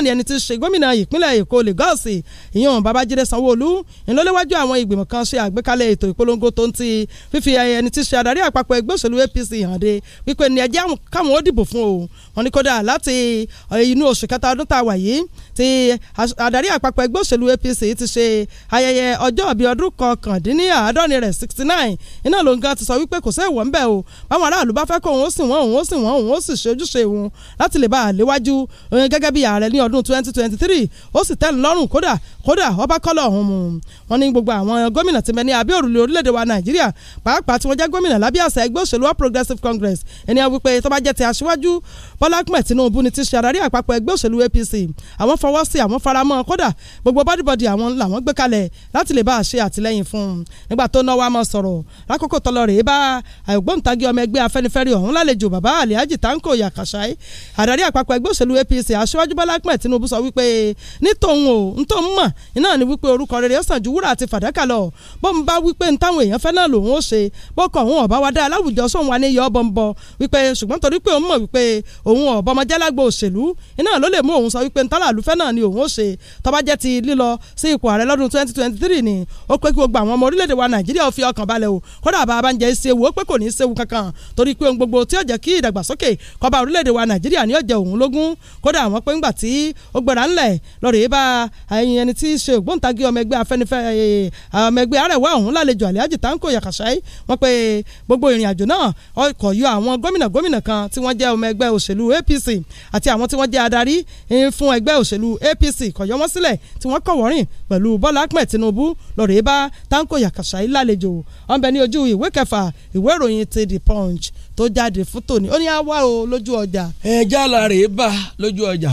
Speaker 7: ni ẹni tí gómìnà ìpínlẹ̀ èkó lagos ìyẹn babájídé sanwóolu ìlọléwájú àwọn ìgbìmọ̀ kan ṣe àgbékalẹ̀ ètò ìpolongo tó ń ti fífi ẹni tí ṣe adarí àpapọ̀ ẹgbẹ́ òṣèlú apc hàn wípé ní ẹjẹ́ káwọn ó dìbò fún o wọn ni kódà láti eh, inú oṣù kẹta ọdún tá a wà yìí tí adarí àpapọ̀ ẹgbẹ́ òṣèlú apc ti ṣe ayẹyẹ ọjọ́ bíi ọdún kọkàndínláàádọ́rin rẹ̀ sixty nine iná ló ti sọ wípé kò sẹ́wọ̀n ńbẹ̀ o báwọn aráàlú bá fẹ́ kó òun ó sì wọ́n òun ó sì wọ́n òun ó sì ṣe ojúṣe òun láti lè bá a léwájú eh, gẹ́gẹ́ bí ààrẹ ní ọdún twenty twenty three three ó sì tẹ́ ń lọ́rùn kódà kódà ọba kọ́lọ̀ ọ̀hún mu wọn ní gbogbo àwọn gómìnà tí bẹ ní abẹ́ òrùlé orílẹ̀-èdè wa nàìjíríà pàápàá tí wọ́n jẹ́ gómìnà lábẹ́ àṣà ẹgbẹ́ òṣèlú all progressives congress ẹni wípé tó jẹ́ ti aṣíwájú bọ́lá ahmed tinubu ni ti ṣe adarí àpapọ̀ ẹgbẹ́ òṣèlú apc àwọn fọwọ́ sí àwọn faramọ́ kódà gbogbo bọ́dìbọ́dì àwọn làwọn gbé kalẹ̀ láti lè bá a ṣe àtìlẹ́yìn fún un nígbà tó náwó àmọ́ sọ̀rọ̀ lákòókò tọ́lọ rèé bá àgbọ̀ntagì ọmọ ẹgbẹ́ afẹ́nifẹ́re ọ̀hún lálejò bàbá alhaji tanko yakasai adarí àpapọ̀ ẹgbẹ́ òṣèlú apc aṣíwájú bọ́lá ahmed tinubu sọ wípé ní tòun o n tó ń mọ̀ iná ni wípé orúkọ rere ó sàn ju wúrà àti fàdákà lọ bó ń bá wípé n táwọn èèyàn fẹ́ náà lòun ó ṣe bọ́kọ̀ òun ọ̀bá wa dá aláwùjọ sóun wa ní iyọ̀ bọ̀m̀bọ̀ wípé ṣùgbọ́n torí pé òun mọ̀ wípé òun ọ̀bọ ọmọdé lágbo òṣèlú iná ló lè mú òun sọ wípé ntọ́lá àlùfẹ́ náà ni òun ó ṣe tó 2023 ni ó pé kí gbogbo àwọn ọmọ o kódà bá a bá ń jẹ ìṣèwò ó pé kò ní í ṣèwò kankan torí pé ohun gbogbo tí ó jẹ́ ẹ̀ lọ́rọ̀ yìí bá ẹ̀yìn ẹni tí í ṣe ògbóǹtagì ọmọ ẹgbẹ́ afẹ́nifẹ́re ọmọ ẹgbẹ́ arẹwà ọ̀hún lálejò Alhaji Tanko Yakasayi wọ́n pe gbogbo ìrìn àjò náà ọkọ̀ yọ àwọn gómìnà gómìnà kan tí wọ́n jẹ́ ọmọ ẹgbẹ́ òṣèlú APC àti àwọn tí wọ́n jẹ́ adarí fún ẹgbẹ́ òṣèlú APC kò yọ wọ́n sílẹ̀ tí wọ́n kọ̀wọ́rìn pẹ̀lú Bọ́lá Ahmed Tinubu lọ́rọ̀ yìí bá Tanko Yakasayi lálejò ọ̀nbẹ ní ojú ìwé kẹfà ìwé ìròyìn ti The Punch tó jáde fún tòní ó ní á o lójú ọjà.
Speaker 2: ẹ jálá rèé bá lójú ọjà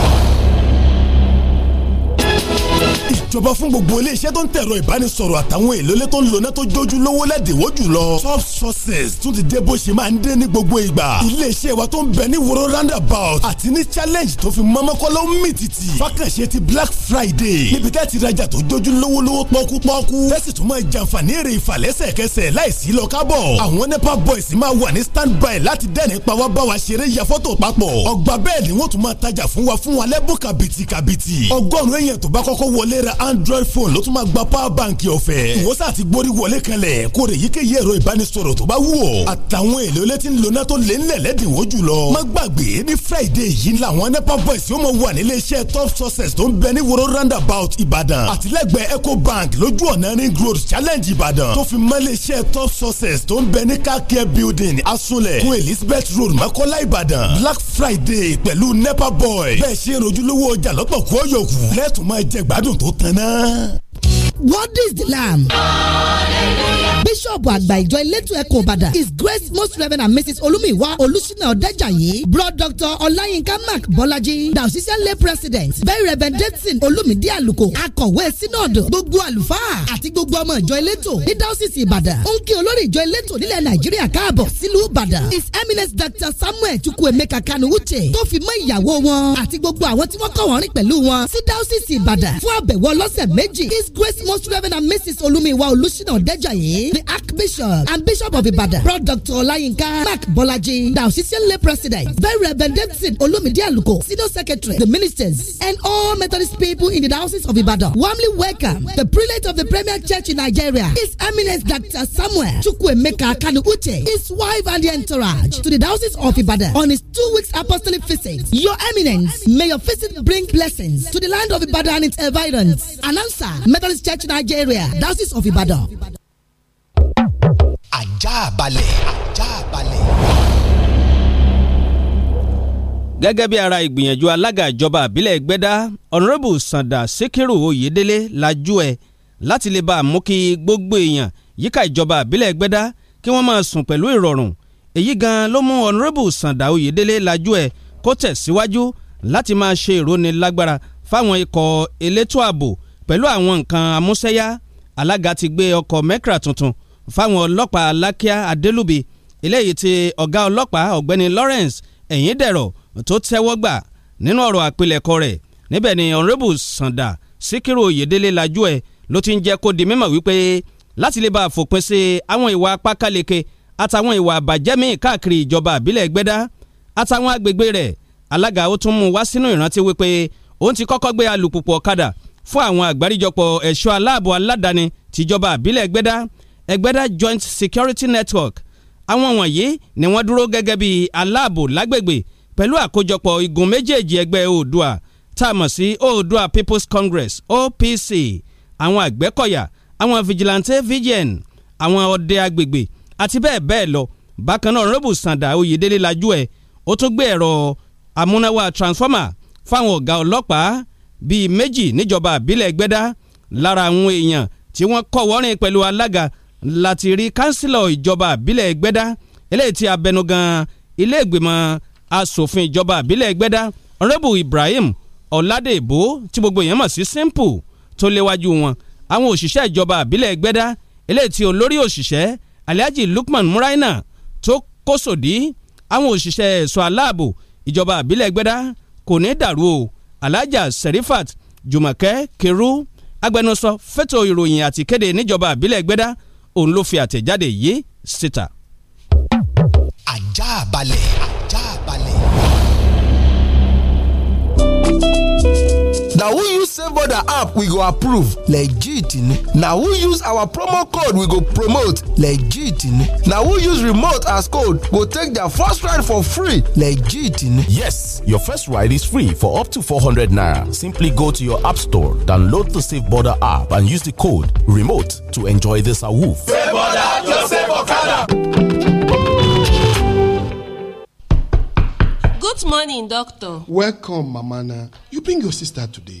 Speaker 5: ìjọba fún gbogbo iléeṣẹ́ tó ń tẹ̀rọ ìbánisọ̀rọ̀ àtàwọn èlòlé tó ń lò náà tó jójú lówó lẹ́dínwó jùlọ. top sources tún ti dé bó ṣe máa ń dé ní gbogbo ìgbà. iléeṣẹ́ wa tó ń bẹ ní woro roundabout àti ní challenge tó fi mọ́mọ́kọ́lọ́ mì tìtì. fákànṣe ti black friday níbi tẹ́ ti rajà tó jójú lówó lówó pọ́kú pọ́kú. tẹ́sí tún máa jàǹfààní èrè ìfàlẹ́sẹ̀kẹsẹ̀ láìsí lọ kábọ̀. àwọn nepa boys máa wà ní by. láti dẹ́ni pa wá bá wa ṣeré ya fọ́tò papọ̀. ọgbà bẹ́ẹ̀ ni wọ́n tún máa tajà fún wa fún wa lẹ́bùn kàbìtì kàbìtì. ọgọ́rùn-ún èèyàn tó bá náírà android phone ló tún máa gba power bank ọ̀fẹ́. ìwọ́sà ti gbórí wọlé kanlẹ̀ kó rè yíkéyìí ẹ̀rọ ìbánisọ̀rọ̀ tó bá wù ọ́. àtàwọn èlé olè tí ń lona tó lé nílẹ̀ lẹ́dínwó jùlọ. má gbàgbé ní friday yìí làwọn nepa boys yóò mọ wà nílé iṣẹ́ top success tó ń bẹ ní woro roundabout ìbàdàn àtìlẹ́gbẹ̀ẹ́ eco bank lójú ọ̀nà ring road challenge ìbàdàn tó fi mọ́ iṣẹ́ top success tó ń bẹ ní kákẹ́ building asunlẹ̀ fún elizabeth road mọ́kọ́lá ìbàdàn black friday pẹ̀lú nepa boy bẹ́ẹ̀ ṣe rojúlówó ọjà lọ́pọ̀ kú ọ̀yọ̀kù lẹ́tùmọ̀ kan What is the lamb? Hallelujah. Bíṣọ̀bù
Speaker 3: àgbà ìjọ elétò ẹ̀kọ́ Ìbàdàn is Grace most reverend and Mrs. Olúmiwá Olúṣínà Ọ̀dẹ́jàyé Bro Dr. Ọláyínká Mark Bọ́lájí Dàòṣìṣẹ́ lay president Very reverend Davidson Olúmídé Àlùkò Akọ̀wé Sínọ́ọ̀dù gbogbo àlùfáà àti gbogbo ọmọ ìjọ elétò ní Dàòṣìṣì Ìbàdàn. Ó ń kí olórí ìjọ elétò nílẹ̀ Nàìjíríà káàbọ̀ sílùú Ìbàdàn. His eminence Dr. Samuel Chukwuemeka Kanuwuche tó fi mọ́ ìyàwó wọn àti gbogbo àwọn tí wọ́n kọ̀ wọ́n rìn pẹ̀lú wọn sí Dàòṣìṣì Ìbàdàn fún àbẹ̀wò ọlọ́sẹ̀ méjì. His Grace Most Reverend and Mrs. Olumiwa Olusina Dejaye, the Archbishop and Bishop of Ibadan, Prof. Dr. Olayinka Mark Bolaji, the Official Lay President, Very Reverend Davidson Olumide Aluko, Senior Secretary, the Ministers, and all Methodist people in the Diocese of Ibadan. Warmly welcome the Prelate of the Premier Church in Nigeria, His Eminence Dr. Samuel Chukwemeka Kanu Uche, his wife and the entourage to the Diocese of Ibadan on his two weeks apostolic visit. Your Eminence, may your visit bring blessings to the land of Ibadan and its environs.
Speaker 1: Announcer,
Speaker 3: Methodist Church Church Nigeria, Diocese of Ibadan.
Speaker 1: Ajá balẹ̀, ajá balẹ̀.
Speaker 8: Gẹ́gẹ́ bí ara ìgbìyànjú alága ìjọba àbílẹ̀ Ẹgbẹ́dá, Honourable Sanda Sikiru Oyedele lajú ẹ̀ láti lè bá a mú kí gbogbo èèyàn yíká ìjọba àbílẹ̀ Ẹgbẹ́dá kí wọ́n máa sùn pẹ̀lú ìrọ̀rùn èyí gan ló mú Honourable Sanda Oyedele lajú ẹ̀ kó tẹ̀síwájú láti máa ṣe ìrónilágbára fáwọn ikọ̀ elétò ààbò pẹ̀lú àwọn nǹkan amúṣẹ́yá alága ti gbé ọkọ̀ mẹ́kra tuntun fáwọn ọlọ́pàá alákíá adélùbí eléyìí tí ọ̀gá ọlọ́pàá ọ̀gbẹ́ni Lawrence ẹ̀yìndẹ̀rọ̀ tó tẹ́wọ́ gbà nínú ọ̀rọ̀ àpilẹ̀kọ rẹ̀ níbẹ̀ ni ọ̀nrẹ́bù sàǹdà sikiru oyèdélé lajú ẹ̀ ló ti ń jẹ́ kó di mímọ̀ wípé láti lè bá fòpin sí àwọn ìwà apákáleke àtàwọn ìwà àbàjẹ́ míì káàkiri ìjọba àbílẹ̀ gbẹ́dá àtàwọn agbègbè rẹ̀ alága ó tún mú wá sínú ìrántí wípé òun ti kọ́kọ́ gbé alùpùpù ọ̀kadà fún àwọn àgbáríjọpọ̀ ẹ̀ṣọ́ aláàbò aládàáni tìjọba àbílẹ̀ ẹgbẹ́dá ẹgbẹ́dá joint security network àwọn wọ̀nyí ni wọ́n dúró gẹ́gẹ́ bí aláàbò lágbègbè pẹ̀lú àkójọpọ̀ igun méjèèjì ẹgbẹ́ oòdùà tá a mọ̀ sí oòdùà people's congress opc àwọn àgbẹ̀kọ̀yà àwọn vigilante vgn àwọn ọdẹ agbègbè àti bẹ́ẹ̀ bẹ́ẹ̀ lọ bákan náà rẹ́bù sàǹdà oyèdélé lajú ẹ̀ ó tún gbé ẹ̀rọ amúnáwá transformer fáwọn ọ̀gá ọlọ́pàá bíi méjì níjọba àbílẹ̀ ẹgbẹ́dá lára àwọn èèyàn tí wọ́n kọ́ wọ́rin pẹ̀lú alága láti rí kánsílọ̀ ìjọba àbílẹ̀ ẹgbẹ́dá eléyìí tí abẹnugan ilé ìgbìmọ̀ asòfin ìjọba àbílẹ̀ ẹgbẹ́dá rẹ́bù Ibrahim Ọ̀làdèbó tí gbogbo èèyàn mọ̀ sí Simple tó léwájú wọn àwọn òṣìṣẹ́ ìjọba àbílẹ̀ ẹgbẹ́dá eléyìí tí olórí òṣìṣẹ́ Alhaji Lukman Muraina tó kóṣòdì àwọn òṣìṣẹ́ ẹ̀ṣọ́ aláàbò ìjọba àbílẹ̀ ẹgbẹ́dá kò ní dàrú o alhaja serifat jùmọ̀kẹ́ Kiru agbẹnusọ fẹ́tọ̀ ìròyìn àti kéde níjọba àbílẹ̀ gbẹ́dá òun ló fi àtẹ̀jáde yìí síta.
Speaker 1: ajá balẹ̀ ajá balẹ̀. Now who use save border app we go approve legit na who use our promo code we go promote legit na who use remote as code go take their first ride for free legit yes your first ride is free for up to 400 naira simply go to your app store download the save border app and use the code remote to enjoy this awoof. save
Speaker 6: border your save okada. good morning doctor
Speaker 9: welcome mamana you bring your sister today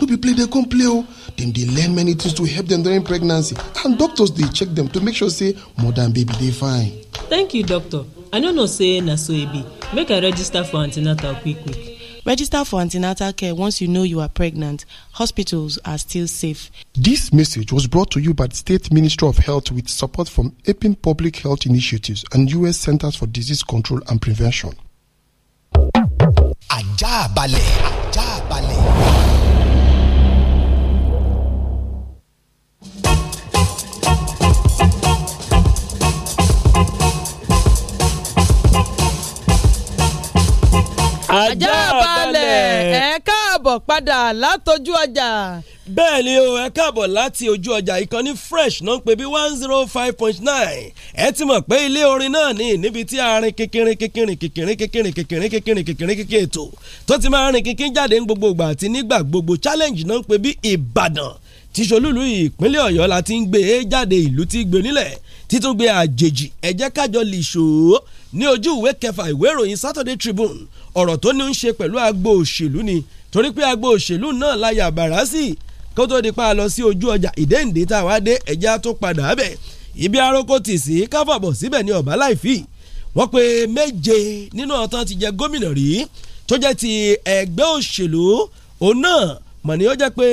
Speaker 9: no be play they come play o oh. dem dey learn many things to help dem during pregnancy and doctors dey check dem to make sure say mother and baby dey fine thank you doctor i no know say na so e be make i register for antenatal quick quick register for antenatal care once you know you are pregnant hospitals are still safe this message was brought to you by the state ministry of health with support from apin public health initiatives and us centers for disease control and prevention Ajabale, ajabale.
Speaker 2: ajá balẹ̀ ẹ káàbọ̀ padà látọjú ọjà. bẹ́ẹ̀ ni o ẹ káàbọ̀ láti ojú ọjà ìkànnì fresh náà ń pè bí one zero five point nine ẹ ti mọ̀ pé ilé orin náà ni níbi tí arin kékeré kékeré kékeré kékeré kékeré kékeré kékeré kékeré ètò tó ti máa rin kíkín jáde ní gbogbo ìgbà àti nígbà gbogbo challenge náà ń pè ìbàdàn tìṣolúlu ìpínlẹ̀ ọ̀yọ́ la ti ń gbé e jáde ìlú ti gbé e nílẹ̀ títún gbé àjèjì ẹ kájọ lè ṣòó ní ojú ìwé kẹfà ìwé ìròyìn Saturday Tribune ọ̀rọ̀ tó ní ń ṣe pẹ̀lú agbo òṣèlú ni torí pé agbo òṣèlú náà láyà bàrá sí kó tó di pa lọ sí ojú ọjà ìdéǹdé tá a wá dé ẹja tó padà bẹ̀ ibi aróko tì sí káfàbọ̀ síbẹ̀ ní ọ̀bá láìfì wọ́n pe méje nínú ọ̀tán ti jẹ́ gómìnà rí tó jẹ́ ti ẹgbẹ́ òṣèlú òun náà mọ̀ ní ó jẹ́ pé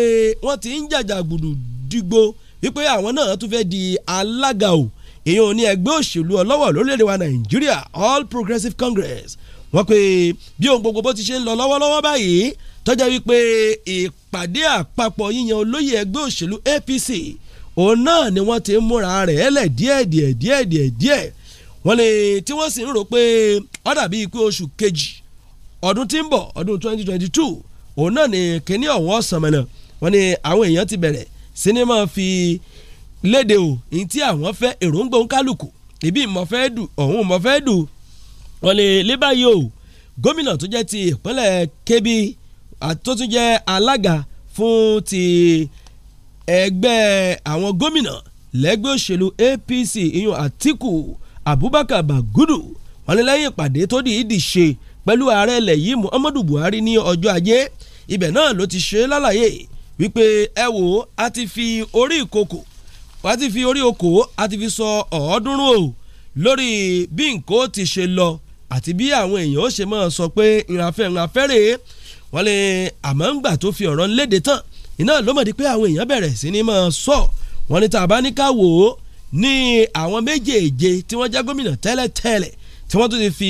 Speaker 2: wọ́n ti ń jàjà gbùdù dìgbò wípé àwọn náà tún fẹ́ di alága o ìyẹn ní ẹgbẹ́ òṣèlú ọlọ́wọ̀ lórílẹ̀‐èdè wa nàìjíríà all progressives congress wọ́n pe bí ohun gbogbo bó ti ṣe ń lọ lọ́wọ́lọ́wọ́ báyìí tọ́jà wípé ìpàdé àpapọ̀ yíyan olóyè ẹgbẹ́ òṣèlú apc òun náà ni wọ́n ti ń múra rẹ̀ lẹ̀ díẹ̀díẹ̀ díẹ̀díẹ̀ díẹ̀ wọ́n lè tí wọ́n sì ń rò pé ó dàbí pé oṣù kejì ọdún tí ń bọ̀ ọdún 2022 òun náà ni kíní ọ̀hún ọ̀sán mẹ́nà wọ́n ní àwọn èèyàn ti bẹ̀rẹ̀ sinimá fi léde o ní tí àwọn fẹ́ èròǹgbò kálukú ibi ìmọ̀ fẹ́ dù ọ̀hún ìmọ̀ fẹ́ dù wọ́n lè lé báyìí o gómìnà tó jẹ́ ti ìpínlẹ̀ Kebbi tó tún jẹ́ alága fún ti ẹgbẹ́ àwọn gómìnà lẹ́gbẹ́ òṣèlú APC ìyún atiku Abubakar Bagudu wọ́n ní lẹ́yìn ìpàdé tó di ìdí ṣe pẹ̀lú ààrẹ ilẹ̀ yìí Muhammadu Buhari ní ọjọ́ ajé ibẹ̀ náà ló ti ṣe lálàyé wípé ẹ wò ó a ti fi orí ìkòkò wàá ti fi orí okòó àti fi sọ ọ̀ọ́dúnrún o lórí bí nǹkó ti ṣe lọ àti bí àwọn èèyàn ó ṣe máa sọ pé ìrànfẹ́ ìrànfẹ́ rèé wọ́n lè àmọ́ ń gbà tó fi ọ̀rọ̀ léde tán iná ló mọ̀ di pé àwọn èèyàn bẹ̀rẹ̀ sí ni máa sọ wọ́n ní tàbá ní ká wò ó ní àwọn méjèèje tí wọ́n jẹ́ gómìnà tẹ́lẹ̀tẹ́lẹ̀ tí wọ́n tún ti fi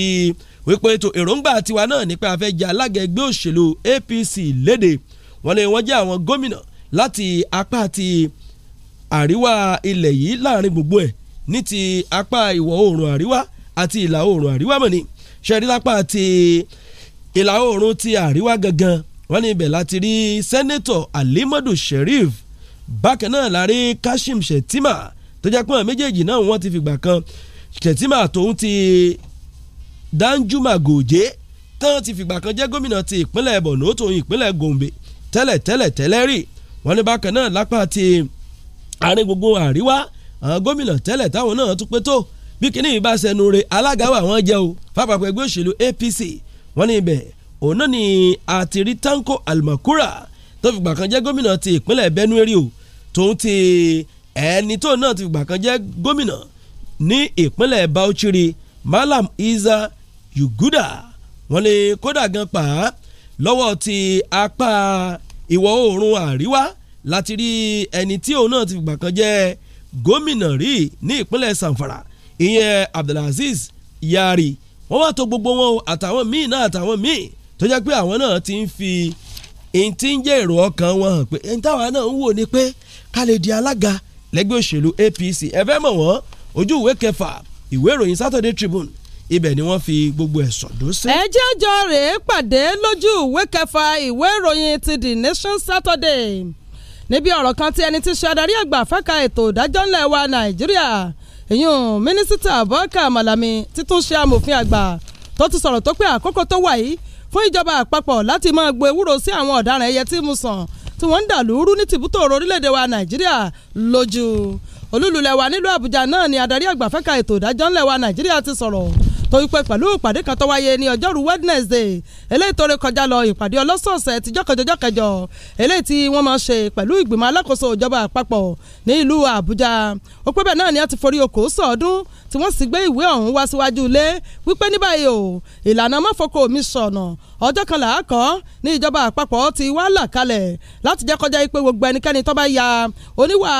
Speaker 2: wípé ètò èròǹgbà tiwa náà ní pé a jẹ́ alága ẹgbẹ́ òṣèlú APC léde wọ́n ní wọ́n jẹ́ àwọn gómìnà láti apá ti àríwá ilẹ̀ yìí láàrin gbogbo ẹ̀ ní ti apá ìwọ̀ oòrùn àríwá àti ìlà oòrùn àríwá mọ̀ ni ṣẹ́rí lápá ti ìlà oòrùn ti àríwá gangan wọ́n ní ibẹ̀ láti rí sẹ́nẹ́tọ̀ Alimadu Sheriff bákan náà la Kashim shetima tó jẹ́ pọ́n méjèèjì náà wọ́n ti fìgbà kan Shettima tóun ti Danjuma Goje tán ti fìgbà kan jẹ́ gómìnà ti ìpínlẹ̀ Borno tóun ìpínlẹ̀ Gombe tẹ́lẹ̀ tẹ́lẹ̀ tẹ́lẹ̀ rí wọ́n ní bákan náà lápá ti. Tele, tele, tele, àárín gbogbo àríwá àwọn gómìnà tẹ́lẹ̀ táwọn náà tún pé tó bí kíní yìí bá sẹnu re alága wa wọ́n jẹ́ o fápapọ̀ ẹgbẹ́ òṣèlú APC wọ́n ní ibẹ̀ òun náà ni àtìrí Tanko Almakura tó fìgbà kan jẹ́ gómìnà ti ìpínlẹ̀ Benue rí o tòun ti ẹni tó náà ti fìgbà kan jẹ́ gómìnà ní ìpínlẹ̀ Bauchi Malam Isa Yuguda wọ́n lè kódà gan pa á lọ́wọ́ ti apá ìwọ̀ oòrùn àríwá láti rí ẹni tí òun náà ti fìgbà kan jẹ́ gómìnà rí ní ìpínlẹ̀ sanfara ìyẹn abdulaziz yari wọ́n wá tó gbogbo wọn o àtàwọn míì náà àtàwọn míì tó jẹ́ pé àwọn náà ti ń fi ẹni tí ń jẹ́ èrò ọkàn wọn hàn pé ẹni táwa náà ń wò ni pé ká lè di alága lẹ́gbẹ́ òṣèlú APC ẹ fẹ́ mọ̀ wọ́n ojú ìwé kẹfà ìwé ìròyìn Saturday Tribune ibẹ̀ ni wọ́n fi gbogbo ẹ̀ sọ̀dọ́ sí. ẹ jẹ́ jọ rèé
Speaker 7: pàdé lójú ìwé kẹfà ìwé ìròyìn ti The Nation Saturday níbi ọ̀rọ̀ kan tí ẹni tí ṣe adarí àgbà fẹ́ka ètò ìdájọ́ ńlẹ̀ wa nàìjíríà èyàn mínísítà Abubakar Malami títún ṣe amòfin àgbà tó ti sọ̀rọ̀ tó pé àkókò tó wà yìí fún ìjọba àpapọ̀ láti máa gbo ewúro sí àwọn ọ̀daràn ẹyẹ tí mu sàn tí wọ́n ń dàlúrú ní tìbútò orílẹ̀-èdè wa nàìjíríà lójú olúlulẹ̀ wa nílùú àbújá náà ni adarí àgbà fẹ́ka ètò ìdájọ́ ńlẹ̀ wa nàìjíríà ti sọ̀rọ̀ tó wípé pẹ̀lú ìpàdé kan tó wáyé ní ọjọ́rú Wednesday eléyìí tó rékọjá lọ ìpàdé ọlọ́sọ̀ọ̀sẹ̀ ti jọ́kẹjọ́kẹjọ eléyìí tí wọ́n máa ṣe pẹ̀lú ìgbìmọ̀ alákòóso ìjọba àpapọ̀ ní ìlú Àbújá ó pẹ́ bẹ́ẹ̀ náà ni a ti forí okòó sọ̀ọ́dún tí wọ́n sì gbé ìwé ọ̀hún wá síwájú ilé wípé ní báyìí o ìlànà mọ́fọ́kọ́ mi sọ̀nà ọjọ́ kọkànlá kan ní ìjọba àpapọ̀ ti wá là kalẹ̀ láti jẹ́ kọjá pé gbogbo ẹnikẹ́ni tó bá ya oníwà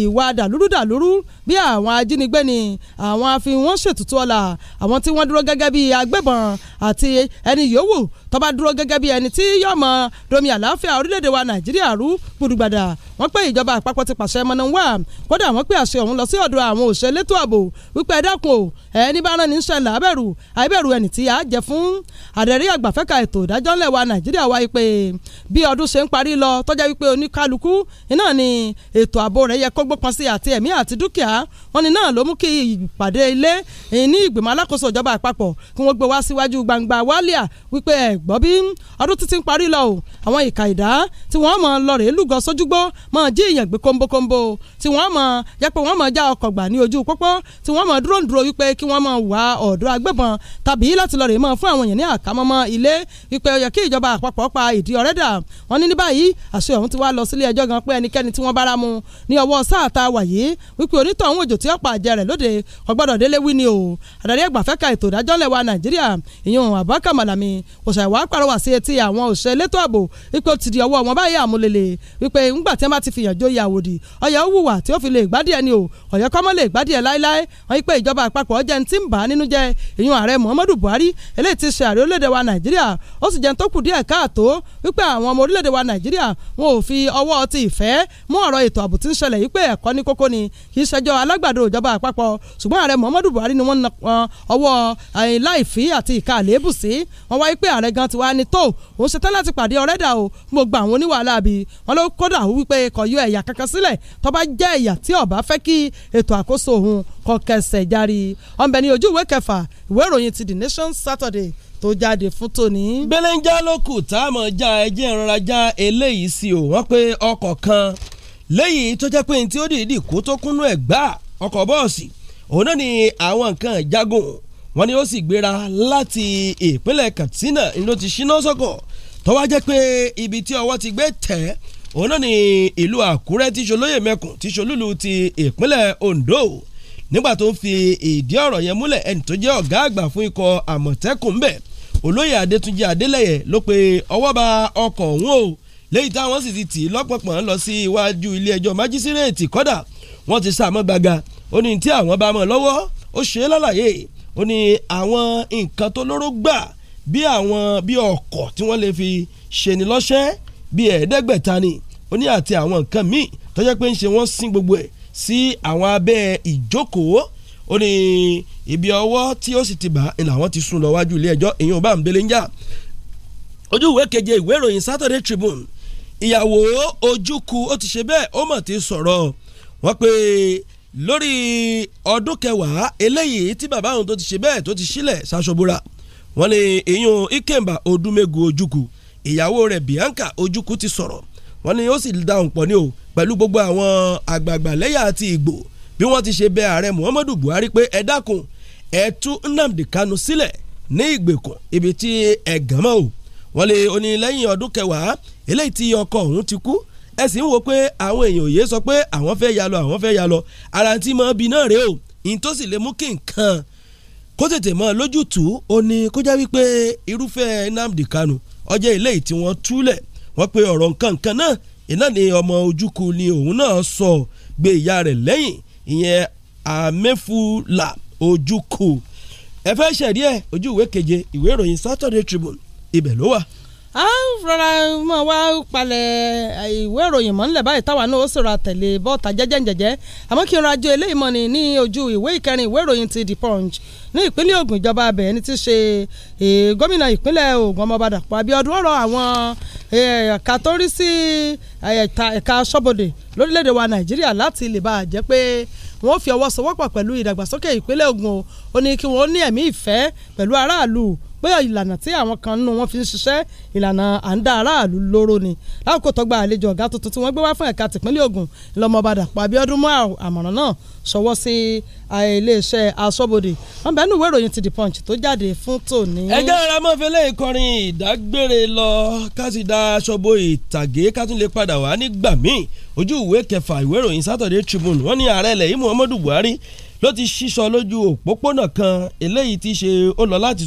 Speaker 7: ìwà dàlúrúdàlúrú bí àwọn ajínigbé ni àwọn afi wọ́n ṣètùtù ọ̀la àwọn tí wọ́n dúró gẹ́gẹ́ bí agbébọn àti ẹni yòówù tó bá dúró gẹ́gẹ́ bí ẹni tí yóò mọ domi àlàáfíà orílẹ̀-èdè wa nàìjíríà rú gbùdùgbàdà wọ́n pé ìjọba àpapọ̀ ti pàṣẹ mọ́nà wá kódà wọ́n pé àṣẹ ọ̀hún lọ sí ọ̀dọ̀ àwọn òṣèlú ètò ààbò wípé ẹ dákun o ẹni bá rán ní ṣẹlẹ̀ abẹ́rù àìbẹ̀rù ẹni tí a jẹ fún àdẹ̀rí àgbàfẹ́ka ẹ̀ka ètò ìdájọ́ ńlẹ̀ wa nàìjíríà wá pé bí ọdún ṣe ń parí lọ tọ́jà wípé oníkálukú iná ni ètò ààbò rẹ̀ yẹ kó gbópọn sí àti ẹ̀mí àti dúkìá wọn ni náà ló mú kí ìpàdé ilé ní ìgbìmọ̀ alákòóso ìjọba àpapọ̀ kí wọ́n gbé wá síwájú gbangba wálíà wípé ẹ̀gbọ́n bí ọdún títí ń parí lọ o àwọn ìka ìdá tí wọ́n mọ̀ lọ rèé lúgọ sójúgbó mọ̀ jí ìyàn gbé kóńbókóńbó tí wọ́n mọ̀ jẹ́ pé wọ́n mọ̀ já ọkọ̀ gbà ní ojú pópó tí wọ́n mọ̀ dúró ń dúró wípé kí wọ́n mọ̀ wá ọ̀dọ́ agbébọn tàbí láti lọ rèé mọ̀ fún àwọn èèyàn ní àkámọ́mọ́ ilé ìpè ó yẹ kí ìjọba àpapọ̀ pa ìdí ọ̀rẹ́ dà wọ́n ní ní báyìí àṣẹ ọ̀hún ti wá lọ sílé ẹjọ́ gan pé ẹnikẹ́ni tí wọ́n bára mu ní ọwọ́ sáà ta wà yìí wípé onítọ̀hún òjò tí ọ̀pá àjẹ rẹ̀ lóde ọgbọ́dọ̀ délé wí ni o àdàrí ẹgbàfẹ́ ka ètò ìdájọ́ lẹ̀ wa nàìjíríà ìyún àbákà màlàmì òṣà ìwà pàrọwà sí etí àwọn òṣè elétò ààbò wípé ó ti di ọwọ́ wọn báyìí àmúlélè wípé ńgbà tí wọ́n bá ti fìyàn jó ìyà àwòdì ọ̀yà ó wùwà tí ó fi lè gbádìí ẹni o ọ̀yọ́ kọ́mọ́ lè gbádìí ẹ láéláé wọ́n yí pé ìjọba àpapọ̀ ọ̀jẹ̀ ń tí ń bà á nínú jẹ́ ìyún ààrẹ muhammadu buhari eléyìí ti ṣe ààrẹ orílẹ̀-èdè wa nàìjíríà ó sì jẹ́ tó kù díẹ̀ káàtó wípé àwọn ọmọ orílẹ̀-èdè wa nàìjíríà wọn ò fi ọwọ́ ti ìfẹ́ mú ọ̀rọ̀ ètò ààbò tí ń ṣẹlẹ̀ yìí pé ẹ̀kọ́ ní kókó ni kì í ṣẹjọ́ alágbàdo ìjọba àpapọ̀ ṣùgbọ́n ààrẹ muhammadu buhari ni wọ́n na ọwọ́ láìfí àti ìka àléébù sí wọ́n wáyé pé ààrẹ gan ti wá ní tó òun ṣetán láti pàdé ọ̀rẹ́dà o gbogbo àwọn oníwàhálà bí wọn ló kódà wípé kò yọ ẹ̀yà kankan sílẹ̀ tó bá jẹ́ ẹ̀yà tí ó fẹ́ kí ètò àkóso òun kọ kẹsẹ̀ járí ọ̀nbẹ ní ojú ìwé kẹfà ìwé ìròyìn ti The Nation Saturday tó jáde fún tòní.
Speaker 2: belenja ló kù tá a mọ̀ já ẹjẹ́ ìrora já eléyìí sí o wọ́n pé ọkọ̀ kan léyìí tó jẹ́ pé ní tí ó dìídì kó tó kúnnú ẹ̀ gbá ọkọ̀ bọ́ọ̀sì òun náà ni àwọn nǹkan jagun wọn ni ó sì gbéra láti ìpínlẹ̀ Katsina ni ló ti ṣíná sọ́kọ̀ tó wá jẹ́ pé ibi tí ọwọ́ ti gbé tẹ̀ òun náà ni ìlú Àkúrẹ́ tíṣolóyè mẹ́kùn tíṣolúlu ti ìpínlẹ̀ Ondo nígbà tó ń fi ìdí ọ̀rọ̀ yẹn múlẹ̀ ẹni tó jẹ́ ọ̀gá àgbà fún ikọ̀ àmọ̀tẹ́kùn ń bẹ̀ olóyè adétúnjì adélẹ́yẹ ló pe ọwọ́ ba ọkọ̀ ọ̀hún o lẹ́yìn táwọn sì ti tì í lọ́pọ̀pọ̀n lọ sí iwájú ilé ẹjọ́ májísírèètì kọ́dà wọ́n ti sàmọ́ gbaga ó ní tí àwọn bá mọ̀ lọ́wọ́ ó ṣe é lálàyé ó ní àwọn nǹkan tó lóró gbà bí àwọn bí ọkọ̀ tí wọ́n lè fi ṣeni lọ́ṣẹ́ bí ẹ̀ẹ́dẹ́gbẹ̀ta ni ó ní àti àwọn nǹkan míì tó pé ń ṣe wọ́n sin gbogbo ẹ̀ sí àwọn abẹ́ ìjókòó ó ní ibi ọwọ́ tí ó sì ti bà ni làwọn ti sún lọ wájú ilé ẹjọ́ èyàn bá ń belé ń jà ojú ìwé keje ìwé ìròyìn Saturday Tribune ìyàwó ojúku ó ti ṣe bẹ́ẹ̀ ó mọ̀ ti sọ̀rọ̀ wọ́n pe lórí ọdún kẹwàá eléyìí tí bàbá òun tó ti ṣe bẹ́ẹ̀ tó ti sílẹ̀ ṣaṣọ́búra wọ́n ní ìyún Ikemba Odumegu Ojukwu ìyàwó rẹ̀ Bianca Ojukwu ti sọ̀rọ̀ wọ́n ní ó sì dáhùn pọ̀ ní o pẹ̀lú gbogbo àwọn àgbààgbà lẹ́yà àti ìgbò bí wọ́n ti ṣe bẹ ààrẹ Muhammadu Buhari pé ẹ dákun ẹ tú Nnamdi Kanu sílẹ̀ ní ìgbèkùn ibi tí ẹ gàn mọ́ o wọ́n lè oní lẹ́yìn ọdún kẹwàá eléyìí tí ọkọ òun ti kú ẹ sì ń wo pé àwọn èèyàn òye sọ pé àwọn fẹ́ ya lọ àwọn fẹ́ ya lọ ara ti mọ ibi náà rèé o ìyìn tó sì lè mú kí nǹkan kó tètè mọ lójútùú ó ní kó jẹ́ wípé irúfẹ́ Nnamdi Kanu ọjọ́ eléyìí tí wọ́n túlẹ̀ wọ́n pe ọ̀rọ̀ nǹkan nǹkan náà iná ni ọmọ ojúkú ni òun náà sọ gbé ìyá rẹ̀ lẹ́yìn ìyẹn àmẹ́fúlà ojúkú ẹ fẹ́ ṣẹ̀rí ẹ̀ ojú ìwé keje ìwé ìròyìn Saturday Tribune ibẹ̀ ló wà
Speaker 7: a rọra mọ̀ wá palẹ̀ ìwé ìròyìn mọ́ nílẹ̀ báyìí táwa náà ó sì ra tẹ̀lé bọ́ọ̀ta jẹ́jẹ́jẹ́jẹ́ àmọ́ kí n ra jo eléyìí mọ́ni ní ojú ìwé ìkẹrin ìwé ìròyìn ti The Punch ní ìpínlẹ̀ Ògùn ìjọba abẹ̀ ẹni tí í ṣe e, gómìnà ìpínlẹ̀ Ògùn ọmọọba Dàpọ̀ Abíọ́dún ọ̀rọ̀ àwọn e, ẹ̀ka tó rí sí e, ẹ̀ka aṣọ́bodè lórílẹ̀‐èdè wa Nàìjíríà láti lè bá a jẹ́ pé wọ́n fi ọwọ́ sowọ́pọ̀ pẹ̀lú ìdàgbàsókè ìpínlẹ̀ Ògùn ó ní kí wọ́n ní ẹ̀mí ìfẹ́ pẹ̀lú aráàlú bóyá ìlànà tí àwọn kan nínú wọn fi ń ṣiṣẹ́ ìlànà à ń dá aráàlú lóró ni lákòókò tó àlejò ọ̀gá tuntun tí wọ́n gbé wá fún ẹ̀ka tìpínlẹ̀ Ògùn lọ́mọba Dàpọ̀ Abíọ́dún mọ́ àmọ̀ràn náà ṣọwọ́ sí iléeṣẹ́ aṣọ́bodè wọn bẹ́ẹ̀ nùwé ìròyìn ti The Punch tó jáde fún tòní. ẹjẹ́ ara
Speaker 2: mọ́ fẹ́lẹ́ ìkọrin ìdágbére lọ ká sì da aṣọ bo ìtàgé ká tún lè padà wá nígbà míì ojú ìwé kẹfà ìwé ìròyìn Saturday Tribune wọ́n ní ààrẹ ilẹ̀ yìí Muhammadu Buhari ló ti sísọ lójú òpópónà kan eléyìí ti ṣe ó lọ láti